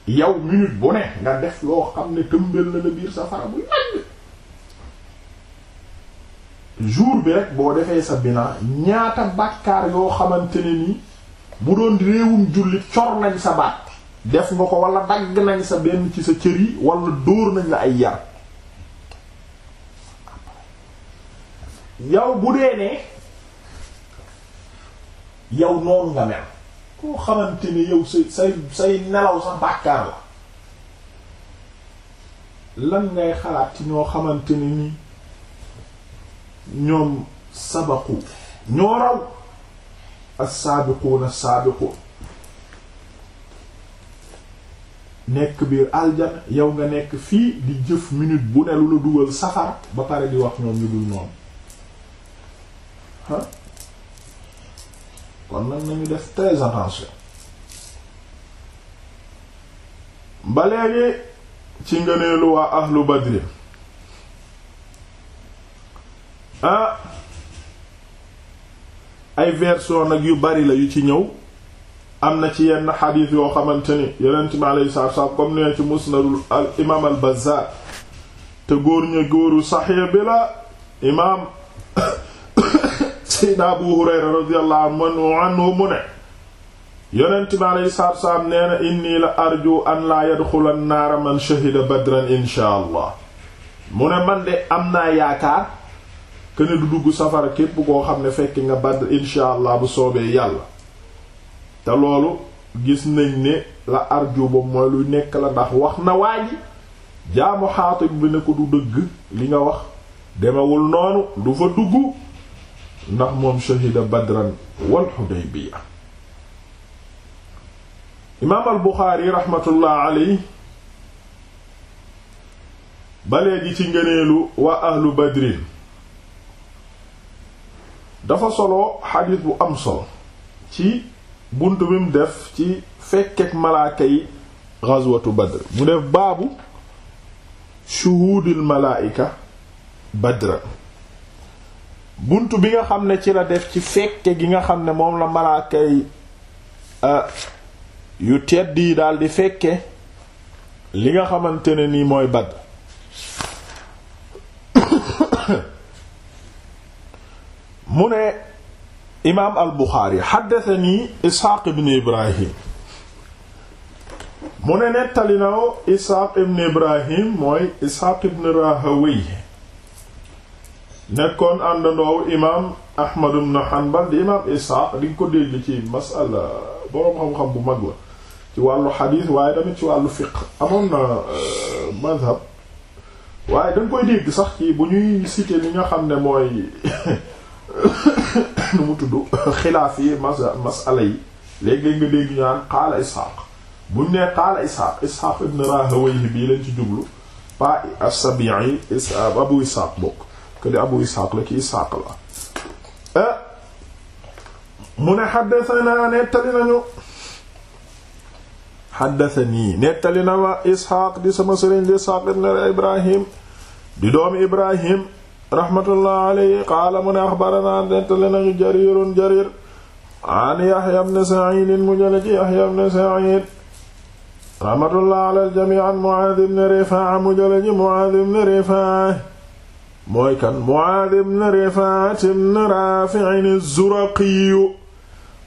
yow minute bu ne nga def loo xam ne tëmbel na la biir safara bu yàgg jour bi rek boo defee sa bina ñaata bàkkaar yoo xamante ne ni bu doon réewum jullit cor nañ sa baat def nga ko wala dagg nañ sa benn ci sa cër yi wala dóor nañ la ay yar yow bu dee ne yow noonu nga mel koo xamante ne yow say say say nelaw sa bàkkaar la lan ngay xalaat ci ñoo xamante ne ni ñoom sabaku ñoo raw as-saabiquuna as-saabiquun nekk biir aljana yow nga nekk fii di jëf minute bu ne lu la dugal safara ba pare di wax ñoom ñu dul noonu kon nag nañu def très attention ba léegi ci ngëneelu waa ahlu badri ah ay version nag yu bari la yu ci ñëw am na ci yenn xadiis yoo xamante ni yonent bi alayhi salaatu comme nee ci musnadul imaam al Bazzaar te góor ña góoru saxiix bi la imaam Seydina Abu Hurayra radiyallahu anhu mu ne yonent bi alayhi salaatu salaam nee na inni la arju an laa yadxula naara man shahida badran insha mu ne man de am naa yaakaar këne du dugg safara képp koo xam ne fekk nga Badr insha bu soobee yàlla te loolu gis nañ ne la arju ba mooy luy nekk la ndax wax na waa ji jaamu Xaatib bi ne ko du dëgg li nga wax demewul noonu du fa dugg ndax moom shahida badran wal xudaybiya imaam al buxaari raxmatullah aley ba gi ci ngëneelu waa ahlu badrin dafa solo xadiis bu am solo ci bunt bi mu def ci fekkeek malaaka yi gazwatu badr mu def baabu shuhuudil malaa'ika badra bunt bi nga xam ne ci la def ci fekke gi nga xam ne moom la malaaka yu tedd yi daal di fekke li nga xamante ne nii mooy Badr mu ne imaam al Buxaari ni Isxaaq ibn Ibrahim mu ne nettali na Isxaaq ibn Ibrahim mooy Isxaaq ibn Rahawi nekkoon àndandoowu imaam Ahmad ibn Hanbal di imaam Isxaaq di ko dégg ci masala boroom xam-xam bu mag la ci wàllu xadiis waaye tamit ci wàllu fiqh amoon na euh, madhab waaye da nga koy dégg sax ci bu ñuy citer li nga xam ne mooy nu mu tudd xilaaf yi mas masala yi léegi léeg nga dégg ñu naan qaala Isxaaq buñ nee qaala Isxaaq Isxaaq ibn Rahawayhi bii lañ ci jublu pa as-Sabi'i Abu Isxaaq bokk Isxaaq di Abu Isxaaq la ci Isxaaq la eh, mu ne xaddasanaa nettali nañu xaddasanii nettali na waa Isxaaq di sama sëriñ di Isxaaq ibn Ibrahim di doomi Ibrahim rahmatullah alayhi qaala mu ne axbaranaa nettali nañu Jariirun Jariir an Yahya ibn Sa'iid mu jële ci Yahya ibn Sa'iid rahmatullah ala al jamii an Muaaz ibn Rifaa'a mu jële ci Muaaz ibn Rifaa'a mooy kan Muaad ibn Rifaat ibn Raafi'in az-Zuraqiyu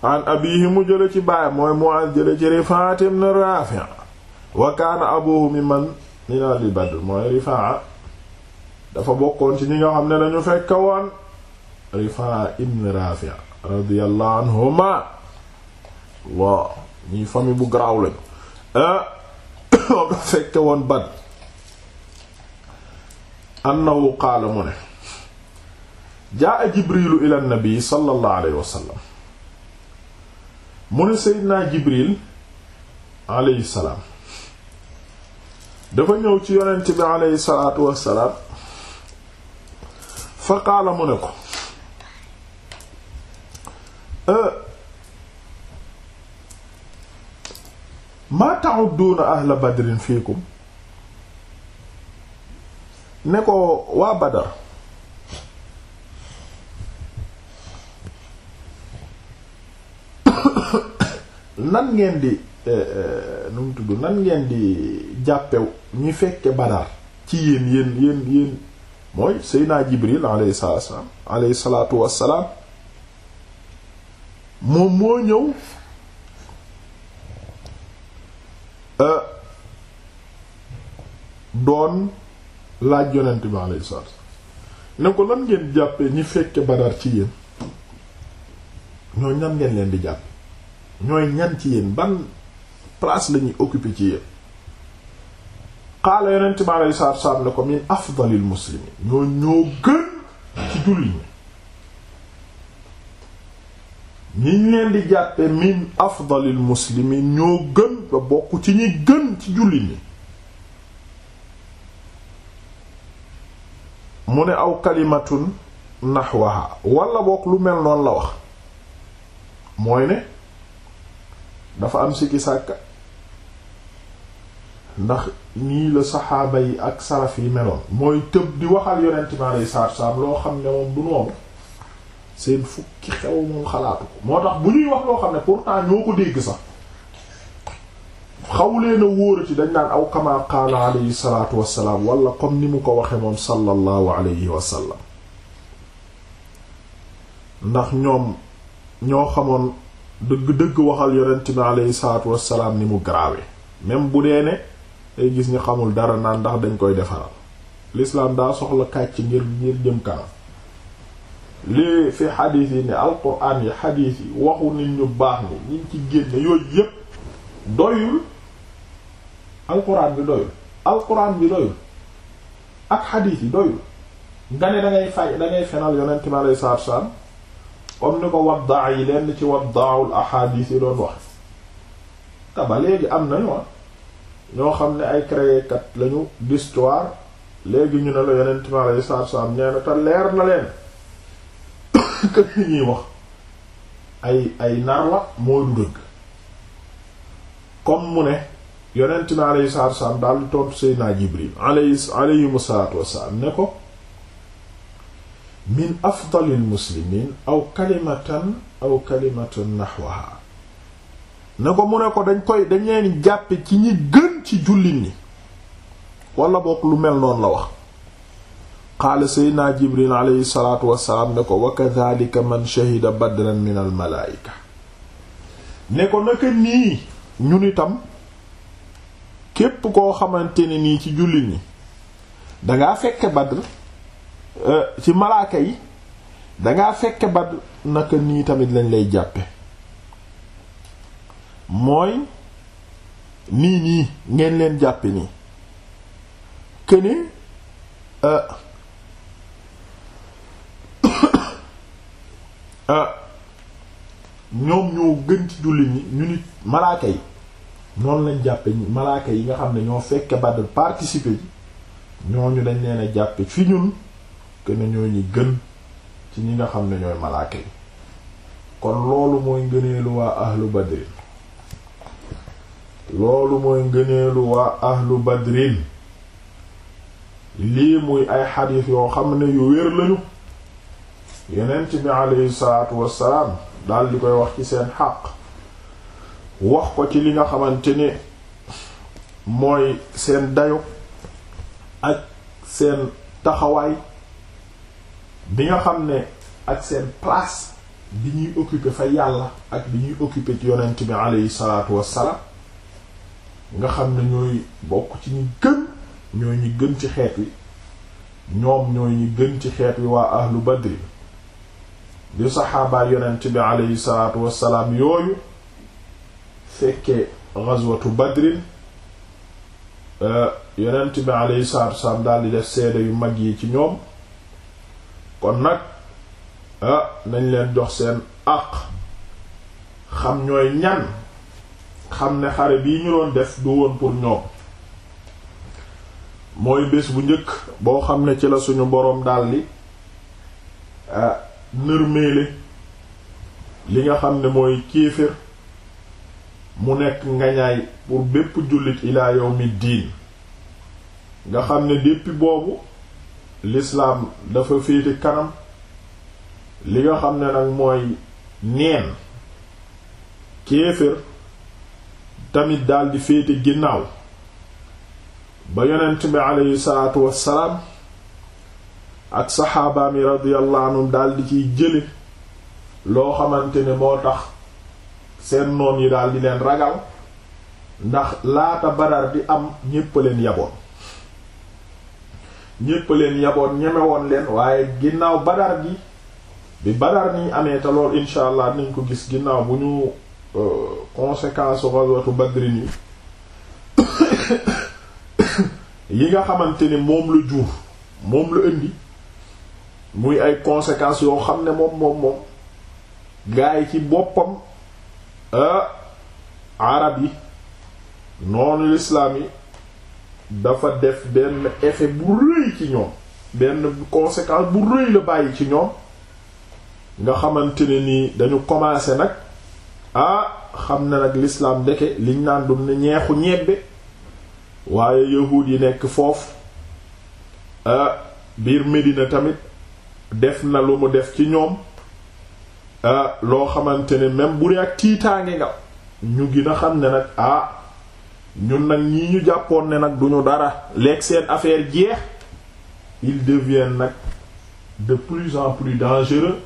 an mu jële ci baay mooy Muaad jële ci Rifaat ibn Raafi' wa kaana abuhu mimman min ahli Badr mooy Rifaa dafa bokkoon ci ñi nga xam ne dañu fekk woon Rifaa ibn Raafi' radiyallahu anhuma waaw ñii famille bu garaaw lañu ah dafa fekk woon Badr annahu qaala mu ne jaa jibrilu ila nabi sallallahu alayhi mu ne seydinaa jibril alayhi salaam dafa ñëw ci yonent bi alayhi salaatu wassalaam fa qaala mu ne ko maa ta'udduuna ahla badrin fiikum ne ko waa Badar nan ngeen di eh, eh, nu mu tudd nan ngeen di jàppew ñi fekke Badar ci yéen yéen yéen yéen mooy Seydina Jibril alayhi salaatu wassalaam moom moo ñëw eh, doon laaj yonent bi alayhi salaatu ne ko lan ngeen jàppee ñi fekke badar ci yéen ñooy ñan ngeen leen di jàpp ñooy ñan ci yéen ban place lañuy occuper ci yéen xaala yonent bi alayhi salaatu salaam ne ko min afdalil muslimin ñoo ñoo gën ci jullit ñi ñiñ leen di jàppe min afdalil muslimin ñoo gën ba bokk ci ñi gën ci jullit ñi mu ne aw kalimatun naxwaha walla boog lu mel noonu la wax mooy ne dafa am si sikki sàkk ndax nii la saxaaba yi ak saraf yi meloon mooy tëb di waxal yonent mi aleyhi salaatu salaam loo xam ne moom du noonu seen fukki xew moom xalaatu ko moo tax bu ñuy wax loo xam ne pourtant ñoo ko dégg sax xaw leen a wóorati dañ naan aw kama qaala alayhi salaatu wassalaam wala comme ni mu ko waxe moom sallallahu alayhi wa sallam ndax ñoom ñoo xamoon dëgg-dëgg waxal yonent bi alayhi salaatu wassalaam ni mu graawe même bu dee ne day gis ñu xamul dara naan ndax dañ koy defaral l'islam daa soxla ci ngir ngir jëm kanam lii fi xadiis yi ne alquran yi xadiis yi waxu nit ñu baax ni ñi ci génne yooyu yépp doyul alquran bi doyul alquran bi doyul ak xadiis yi doyul nga ne da ngay fay da fenal yonent mi aleyhi salaatu comme ni ko waddaa yi lenn ci waddaaul ahadis yi doon wax te ba léegi am nañu ñoo xam ne ay créékat lañu d'histoire léegi ñu ne la yonent mi aleyhi salaatu salaam na te leer na leen kër yi ñuy wax ay ay nar la mooy du dëgg mu ne. yonent bi aleyhi salaatu wasalaam daal tontu seydinaa jibril aleyhim salaatu wasalaam ne ko min afdalil muslimin aw kalimatan aw kalimatan naxwaha ne ko mu ne ko dañ koy dañ leen jàppe ci ñi gën ci jullit ñi wala bokk lu mel noonu la wax qaala seydinaa jibril aleyhi salaatu wasalaam ne ko wa nii ñun itam képp koo xamante ne nii ci julli ñi dangaa fekke Badr euh, ci malaaka yi dangaa fekke Badr naka nii tamit lañ lay jàppe mooy nii nii ngeen leen jàppe nii këne euh, euh, ñoom ñoo gën ci jullit ñi ñu nit malaaka yi noonu lañ jàppe malaaka yi nga xam ne ñoo fekke Badr participer ji ñooñu dañ leen a jàppe fi ñun que ne ñoo ñi gën ci ñi nga xam ne ñooy malaaka yi kon loolu mooy ngëneelu waa ahlu badrin loolu mooy lii muy ay xadiis yoo xam ne yu wér lañu yeneen ci bi aleyhi salaatu wassalaam dal di koy wax ci seen xaq wax ko ci li nga xamante ni mooy seen dayo ak seen taxawaay bi nga xam ne ak seen place bi ñuy occuper fa yàlla ak bi ñuy occuper ci yonent bi aleyhi salaatu wassalaam nga xam ne ñooy bokk ci ñi gën ñooy ñi gën ci xeet wi ñoom ñooy ñi gën ci xeet wi waa ahlu badri di saxaabaa yonent bi aleyhi salaatu wassalaam yooyu fekkee ghazwatu badrin eh, yonent bi alayhi salaatu wasalaam daal di def seede yu mag yi ci ñoom kon nag ah nañ leen jox seen àq xam ñooy ñan xam ne xare bii ñu loon def du woon pour ñoom mooy bés bu njëkk boo xam ne ci la suñu boroom daldi eh, nërmeele li nga xam ne mooy kéefër mu nekk ngañaay pour bépp jullit ilaa mi diin nga xam ne depuis boobu lislaam dafa féete kanam li nga xam ne nag mooy neen kéefër tamit daldi féete ginnaaw ba yonent bi aleyhi salaatu wassalaam ak saxaabaami radiyallahu daldi ciy jële loo xamante ne moo tax seen noon yi daal di leen ragal ndax laata badar di am ñépp leen yaboon ñépp leen yaboon ñemewoon leen waaye ginnaaw badar gi bi badar niñ amee te lool insha allah nañ ko gis ginnaaw bu ñu euh, conséquence ghazwatu badrin yi yi nga xamante ni moom la jur moom la indi muy ay conséquences yoo xam ne moom moom moom gaa yi ci boppam Euh, arab yi noonu lislaam yi dafa def benn effet bu rëy ci ñoom benn conséquence bu rëy la bàyyi ci ñoom nga xamante ne nii dañu commencé nag ah xam na nag lislaam ndeke liñ naan du ne ñeexu ñebbe waaye yahuud yi nekk foofu ah biir Medina tamit def na lu mu def ci ñoom Ah, loo xamante ne même bu dee ak tiitaange nga ñu gën a xam ne nag ah ñun nag ñii ñu jàppoon ne nag duñu dara leeg seen affaire jeex ils deviennent nag de plus en plus dangereux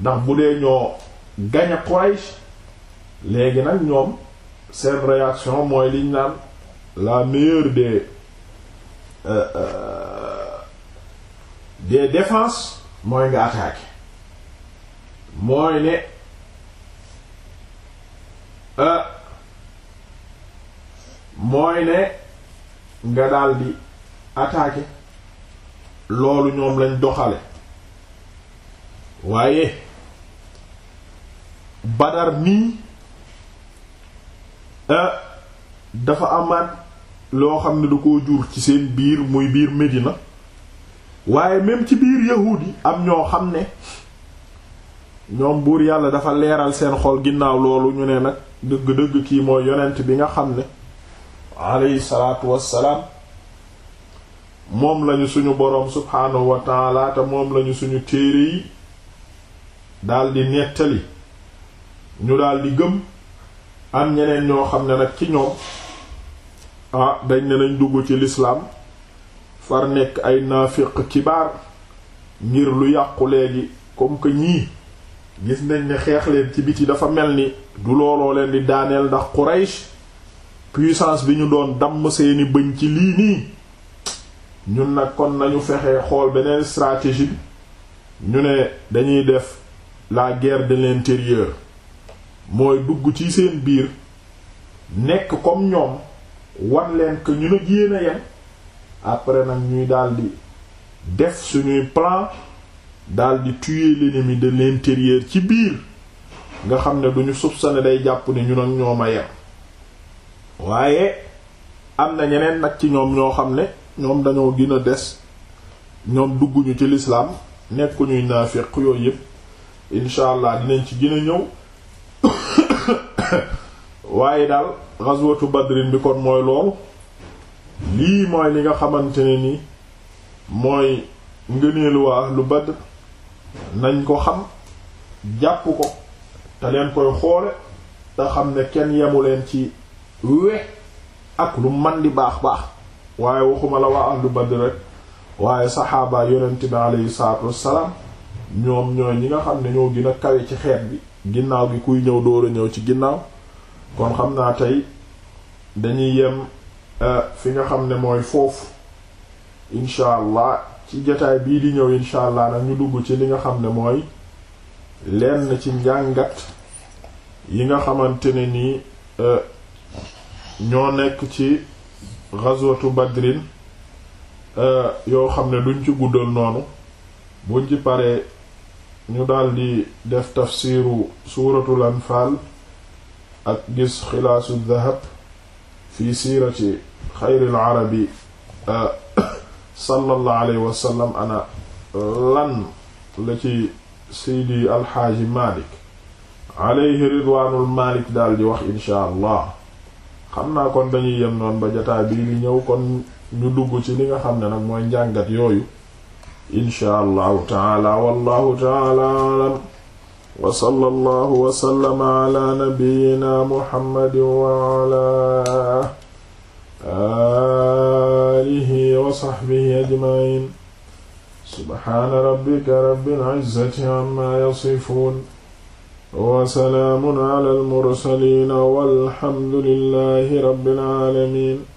ndax bu dee ñoo gañ Quraish léegi nag ñoom seen réaction mooy liñ naan la meilleure des euh, euh mooy nga attaquer mooy ne mooy ne nga daldi attaquer loolu ñoom lañ doxale waaye Badar nii dafa amaat loo xam ne du ko jur ci seen biir muy biir Médina waaye même ci biir yahuud am ñoo xam ne ñoom buur yàlla dafa leeral seen xol ginnaaw loolu ñu ne nag dëgg-dëgg kii mooy yonent bi nga xam ne aleyhi salaatu wassalaam moom lañu suñu boroom subhaanahu wa taala moom lañu suñu téere yi daldi nettali ñu daldi gëm am ñeneen ñoo xam ne nag ci ñoom ah dañ ne nañ dugg ci lislaam far nekk ay naafiq kibaar ngir lu yàqu léegi comme que ñii gis nañ ne xeex leen ci biti dafa mel ni du looloo leen di daaneel ndax Quraysh puissance bi ñu doon damm seeni bëñ ci lii nii ñun nag kon nañu fexe xool beneen stratégie ñu ne dañuy def la guerre de l'intérieur mooy dugg ci seen biir nekk comme ñoom wan leen ñu ne jéen a yem après nag ñuy daldi def suñuy plan daldi tuer l'ennemi de l'intérieur ci biir nga xam ne duñu soupçonner day jàpp ne ñun ak ñoom a yem waaye am na ñeneen nag ci ñoom ñoo xam ne ñoom dañoo gën a des ñoom dugguñu ci lislaam nekkuñuy naafiq yooyu yépp incha allah dinañ ci gën ñëw waaye daal ghazwatu badrin bi kon mooy loolu lii mooy li nga xamante ne ni mooy ngëneelu waa lu Badr nañ ko xam jàpp ko te leen koy xoole te xam ne kenn yemu leen ci we ak lu man di baax baax waaye waxuma la waa ahlu Badr rek waaye saxaaba yonent bi aleyhi salaatu wassalaam ñoom ñooy ñi nga xam ne ñoo gën kawe ci xeet bi ginnaaw gi kuy ñëw door a ñëw ci ginnaaw kon xam naa tey dañuy yem euh, fi nga xam ne mooy foofu incha allah ci jotaay bii di ñëw incha allah nag ñu dugg ci li nga xam ne mooy lenn ci njàngat yi nga xamante ne nii euh, ñoo nekk ci ghazwatu badrin euh, yoo xam ne duñ ci guddal noonu buñ ci pare ñu dal di def tafsiru suuratul anfaal ak gis xilaasu dhahab fi siirati xayril arabi euh, sallallahu alayhi wa sallam ana lan la ci alxaaji Malik alayhi ridwaanul Malik daal di wax insha allah xam naa kon dañuy yem noonu ba jotaay ñëw kon ñu dugg ci li nga xam ne nag mooy njàngat yooyu insha allahu taala wallahu taala alam wa sallallahu wa sallama ala nabiyyina aalihi wa saxbihi ajmaciin subxaana rabbika rabbil cizzati cammaa yasifuun wa salaamun calal mursaliin walhamdu lillaahi rabbil caalamiin